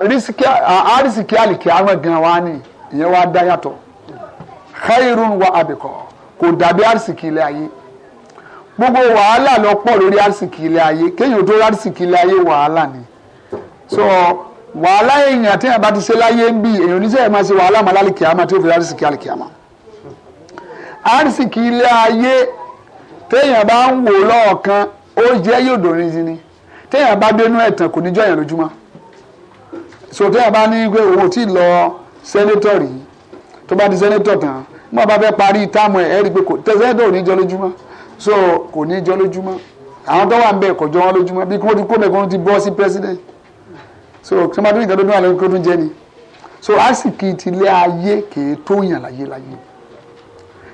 risiki arisiki aliki àwọn gan wa ni ìyẹn wa dá yàtọ̀ khairu wa abqa kò dàbí arisiki ilé ayé gbogbo wàhálà ló pọ̀ lórí arisiki ilé ayé kéèyàn tó arisiki ilé ayé wàhálà ni so wàhálà èèyàn tí èèyàn bá ti ṣe láyé ń bí èèyàn oníṣẹ́ ẹ̀ máa ṣe wàhálà máa lálẹ́ kìáma tí ó fi arisiki alìkìáma arisiki ilé ayé téèyàn bá ń wò lọ́ọ̀kan ó jẹ́ yóò dòrin sí ni téèyàn bá dénú ẹ̀tàn kò ní jọ èèyàn lójúmọ́ so téèyàn bá ní pé òun ò tí ì lọ sẹ́nétọ̀ rí tó bá di sẹ́nétọ̀ tán mo bá fẹ́ parí táàmù ẹ̀ rí i pé kò tẹ sẹ́nétọ̀ ò ní jọ lójúmọ́ so kò ní jọ lójúmọ́ àwọn tó wà ń bẹ̀ kò jọ wọn lójúmọ́ bí wọ́n ti kó mẹ́kọ́ ti bọ́ sí president so tí wọ́n bá tún ìgbà tó àlọ́ kó tún jẹ́ ni so àsìkò ìtìlẹ̀ ayé kèé tó yàn láyé láyé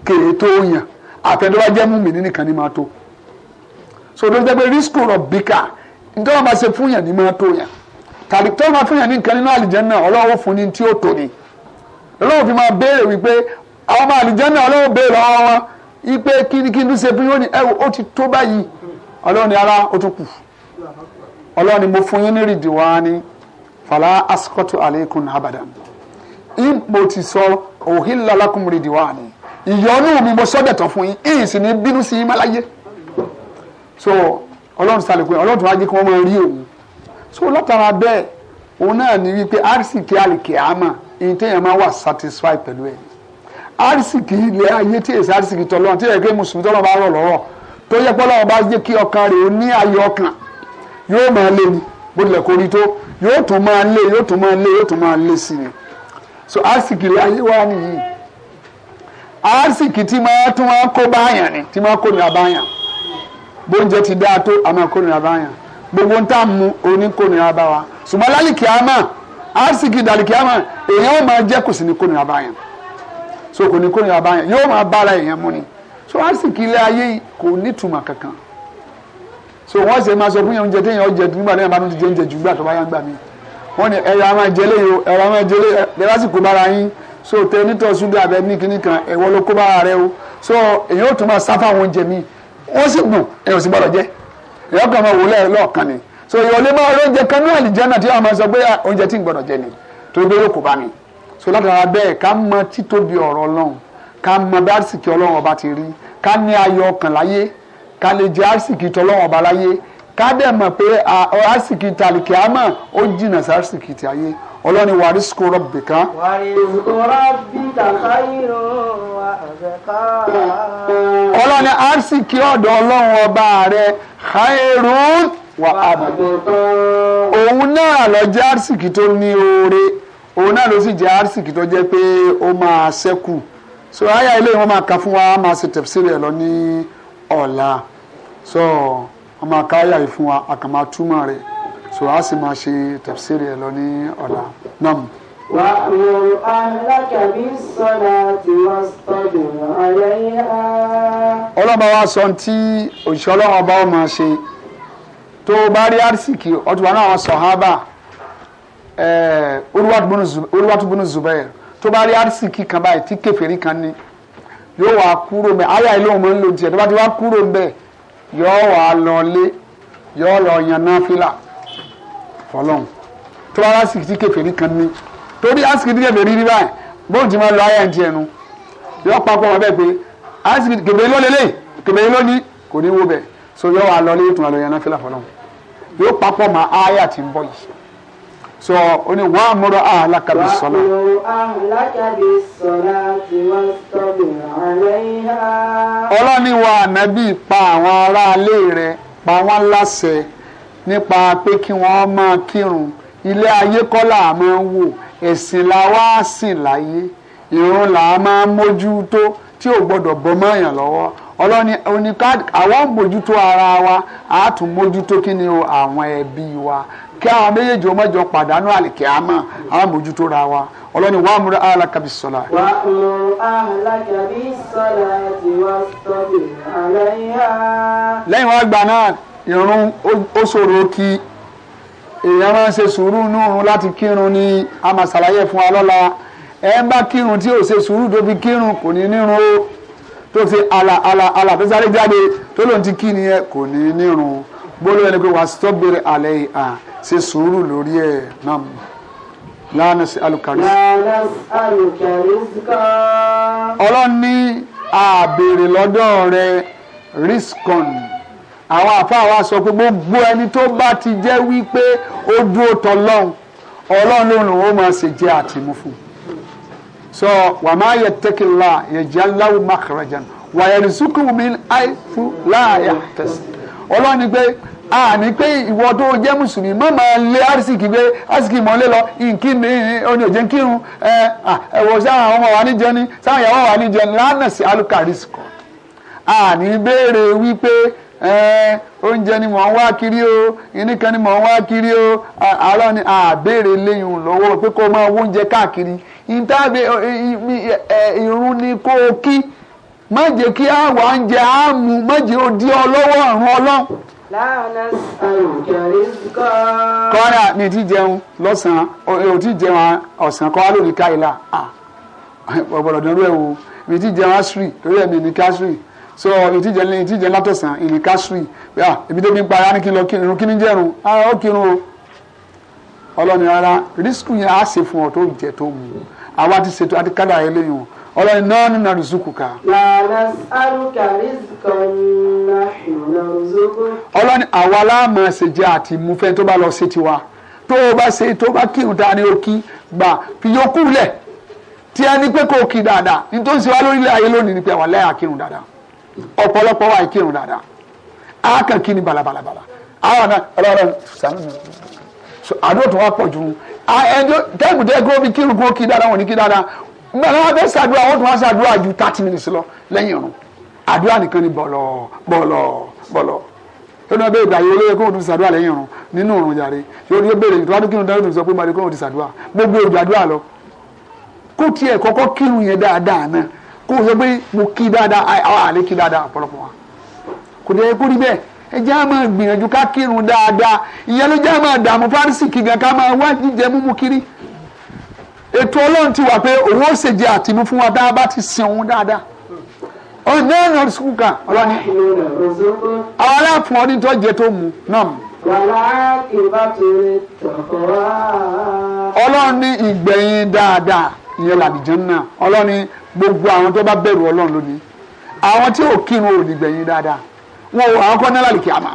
kèé tó yàn àtẹ̀dọ́wà jẹ́ múmi nínú kan ní máa tó so ló jẹ́ pé risco rọ̀ bíkà nítorí máa ṣe fún yàn ní máa tó yàn tàbí tó máa fún yàn ní nǹkan nínú àlìjẹ́nà ọlọ́wọ́ fún ni tí ó tó ni ọlọ́wọ́ fi máa béèrè wípé àwọn ọmọ àlìjẹ́nà ọlọ́wọ́ béèrè lọ́wọ́ wọn wípé kíníkí ló ṣe fún yóò ní ẹ̀wọ̀ ó ti tó báyìí ọlọ́wọ́ ni ara ó tún kù ọlọ́wọ́ ni mo fún yín ní rìdìwá ni. ìyọ́nú mi mo sọ́dẹ̀tọ̀ fún yín ìyìn sì ní bínú sí yín má láyé so ọlọ́run sálẹ̀ pé ọlọ́run tó wá jẹ́ kí wọ́n máa rí òun so látara bẹ́ẹ̀ òun náà ní wípé arísìkí àlìkè àmà ìyìn téèyàn máa wà satisfied pẹ̀lú ẹ̀ arísìkí ilẹ̀ ayé tí èsì arísìkí tọ́lọ́run tí èké mùsùlùmí tọ́lọ́run bá rọ̀ lọ́rọ̀ tó yẹ pé ọlọ́run bá jẹ́ kí ọkàn rẹ̀ ó ní ayọ̀ ọkàn yóò máa lé ni bó tilẹ̀ kórí tó yóò tún máa lé yóò tún máa lé yóò tún máa lé sí ni so arísìkí ilẹ̀ ayé wa nìyí àásìkì ma máa tún wá kó báyàn ni tí máa kó nira báyàn bóúnjẹ ti dáa to a máa kó nira gbogbo n tà mu oní kó nira bá wa ṣùgbọ́n lálìkì àmà àásìkì dàlìkì àmà èèyàn ó máa jẹ́ kò sí ní kó aba báyàn so aba ma eyan so kankan so sọ fún yẹn oúnjẹ téèyàn nígbà ti jẹ oúnjẹ jù gbà tó bá yá gbà mí o so tẹni tọ́ sunjú abẹ ní kíní kan ẹ̀wọ́ ló kó rẹ o so èyàn ò tún máa sáfà àwọn mi wọ́n sì gùn èyàn sì gbọ́dọ̀ jẹ́ èyàn kàn máa wòlẹ́ lọ́ọ̀kan ni so èyàn lè máa rí oúnjẹ kan ní àlìjánà tí wọ́n máa sọ pé ah, oúnjẹ tí ń jẹ ni torí pé yóò bá mi so látara bẹ́ẹ̀ ká mọ títóbi ọ̀rọ̀ ọlọ́run ká mọ bí àrísìkí ọlọ́run ọba ti rí ká ní ayọ̀ ọkàn láyé ká lè jẹ àrísìkí tọlọ́run ọba láyé ká dẹ̀ mọ̀ pé ah, àrísìkí tàlìkì ó sí ti ayé ọlọ́ni wàrí sukù rọ̀bì kan. wàrí sukù rọ̀bì kàkà irun àzẹ̀ká. ọlọ́ni arsìkì ọ̀dọ̀ ọlọ́run ọba rẹ̀ khairun wà àbùkù. òun náà lọ jẹ́ arsìkì tó ní oore òun náà ló sì jẹ́ arsìkì tó jẹ́ pé ó máa ṣẹ́kù so àyà ilé wọn máa kà fún wa máa ṣe tẹ̀síìrì ẹ̀ lọ ní ọ̀la so ọmọ àkáyà yìí fún wa àkàmà túmọ̀ rẹ̀ so a sì máa ṣe tafsiri ẹ̀ lọ ní ọ̀la náà. وأمر أهلك بالصلاة واصطبر عليها. ọlọ́ba wa sọ tí òṣìṣẹ́ ọlọ́run ọba ó máa ṣe tó bá rí àrísìkì ọdún àwọn sọ̀hábà Urwatu bunu Zubair tó bá rí àrísìkì kan báyìí tí kèfèrí kan ní yóò wá kúrò mẹ́ àyà ilé òun máa ń tó bá ti wá kúrò mẹ́ yóò wá lọ lé yóò lọ yan náfìlà fọlọ́n tó bá lásìkò tí kèfèrí kan ní torí lásìkò tí kèfèrí rí báyìí bóun ti máa lọ ayé ẹ̀ǹtì ẹnu yọ papọ̀ wọn bẹ́ẹ̀ pé lásìkò kèfèrí ló lélẹ̀ kèfèrí ló ní kò ní wo bẹ̀ so yọ wà lọ léyìn tó máa lọ yẹn náà fẹ́lá fọlọ́n yóò papọ̀ mọ́ ayé àti ń bọ̀ yìí so ó ní wàá múra ahlaka bis sala. wàá múra ahlaka bis sala tí wọ́n tọ́lù ọlọ́ni wa ànábì pa àwọn aráalé rẹ̀ pa wọ́n láṣẹ nípa pé kí wọ́n máa kírun ilé ayé kọ́ là á máa ń wò ẹ̀sìn la wá sìn láyé ìrun là á máa ń mójútó tí ò gbọ́dọ̀ bọ́ mọ́yàn lọ́wọ́ ọlọ́ni oníká àwọn mójútó ara wa á tún mójútó kí ni o àwọn ẹbí wa kí àwọn méjèèjì ó mọ̀jọ pàdánù àlìkè àmọ́ àwọn mójútó ra wa ọlọ́ni wàá múra aláka bí sọ̀la. wà á mú aláka bí sọ̀la ti wá sọ̀bi àlàyé. lẹ́yìn wá gbà náà irun ó ṣòro kí èèyàn máa ń ṣe sùúrù nírun láti kírun ni a máa ṣàlàyé fún wa lọ́la ẹ ń bá kírun tí ò ṣe sùúrù tó fi kírun kò ní nírun o tó ṣe àlà àlà àlà tó sáré jáde tó lòun ti kí nìyẹn kò ní nírun gbólóhùn ẹni pé wàá sọ́gbèrè àlẹ́ ìhà ṣe sùúrù lórí ẹ̀ náà. La nas'aluka rizqa. La nas'aluka rizqa. Ọlọ́run ní a béèrè lọ́dọ̀ rẹ̀ riskon àwọn àfáà wa sọ pé gbogbo ẹni tó bá ti jẹ́ wípé ó dúró tọ́lọ́hún ọlọ́run ló rùn ó máa ṣe jẹ́ àtìmú fún un. sọ wà má yẹ tẹ́kìlá yẹ jẹ́ aláwò makarajan wà yẹ ní sukùn mi àìfú láàyà tẹ̀sí. ọlọ́run ni pé a ní pé ìwọ tó jẹ́ mùsùlùmí má máa lé arísìkì gbé arísìkì mọ́lé lọ nkí ni oní òjé nkírun ẹ ẹ̀wọ̀ sáwọn àwọn ọmọ wa ní jẹni sáwọn ìyàwó wa ní jẹni lánàá sí alukarisikọ. a ní béèrè wípé oúnjẹ ni mò ń wá kiri o iní kan ni mò ń wá o àárọ̀ ni àbèrè léyìn lọwọ pé kó máa oúnjẹ káàkiri ìtàbí irun ni kó o kí má jẹ́ kí wà oúnjẹ àmú má jẹ́ ó ọ lọ́wọ́ ọ̀run kọ́ra mi ti jẹun lọ́sàn-án o ti jẹun ọ̀sán kọ́ lórí mi ti jẹun asiri lórí ẹ̀mí so ìtìjẹ ní ìtìjẹ látọ̀sán ìlíkásùì pé à ebi débi ń pa ara ní kí lọ kí irun kí ní jẹ́run ara ah, ó kírun o ọlọ́ni rárá rísíkù yẹn á ṣe fún ọ tó jẹ tó mu àwa ti ṣètò àti kádà eléyìí o ọlọ́ni náà nínú àrùsùkù ká. lànà àrùkà rísíkà náà ìrùnà òzógó. ọlọ́ni àwa láàmú ẹsẹ̀ jẹ́ àti mú tó bá lọ ṣe tiwa tó o bá ṣe tó o bá kírun ta ni o kí gbà fi yókù lẹ̀ tí a ní pé kò kí dáadáa ní tó ayé lónìí ni pé àwa lẹ́yà kírun dáadáa ọ̀pọ̀lọpọ̀ wa ìkírun dada, a kàn balabalabala a náà ọlọ́run sànú mi àdó tó wá ẹni tẹ́gùn tẹ́gùn omi kírun kó kí wọn ní kí dáadáa gbọ́dọ̀ wọn wọn tún wá ju thirty minutes lọ àdúrà nìkan ni olóyè nínú yàrá yóò dáhùn tó sọ pé ti kó o sọ pé mo kí dáadáa àwọn àlè kí dáadáa ọ̀pọ̀lọpọ̀ wa kò dé kó rí bẹ́ẹ̀ ẹ jẹ́ àmọ́ gbìyànjú ká kírun dáadáa ìyẹn ló jẹ́ àmọ́ dààmú fárísì kígan ká máa wá jíjẹ múmu kiri ètò ọlọ́run ti wà pé òun ó ṣèjẹ àtìmú fún wa tá a bá ti sin òun dáadáa ọ̀hún náà nọ sukùn kan ọlọ́ni àwọn aláàfin ọdún tó jẹ tó mu náà mu. ọlọ́run ní ìgbẹ̀yìn dáadáa ìyẹn làbìjẹ́ náà ọlọ́run ní gbogbo àwọn tó bá bẹ̀rù ọlọ́run lónìí àwọn tí ò kírun ò ní gbẹ̀yìn dáadáa wọn ò àwọn kọ́ ní lálìkí àmà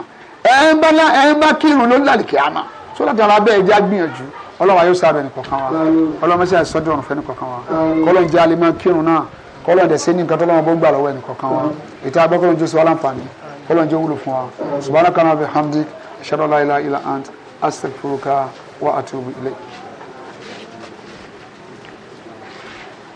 ẹ̀ ń bá ẹ̀ ń bá kírun ló lálìkí àmà sọ́dọ̀ tí ara bẹ́ẹ̀ já gbìyànjú ọlọ́wà yóò sábẹ̀ nìkọ̀kan wa ọlọ́mọṣẹ́ àìsọ́jọ́ ọ̀run fẹ́ nìkọ̀kan wa kọ́lọ́n jẹ́ alimọ́ kírun náà kọ́lọ́n dẹ̀ sẹ́ni nǹkan tọ́lọ́mọ bó ń gbà lọ́wọ́ nìkọ̀kan wa ètò abẹ́kọ́lọ́n jẹ́ sọ aláǹfààní kọ́lọ́n jẹ́ wúlò fún wa subhanaka wa bihamdik ashhadu an la ilaha illa ant astaghfiruka wa atubu ilayk.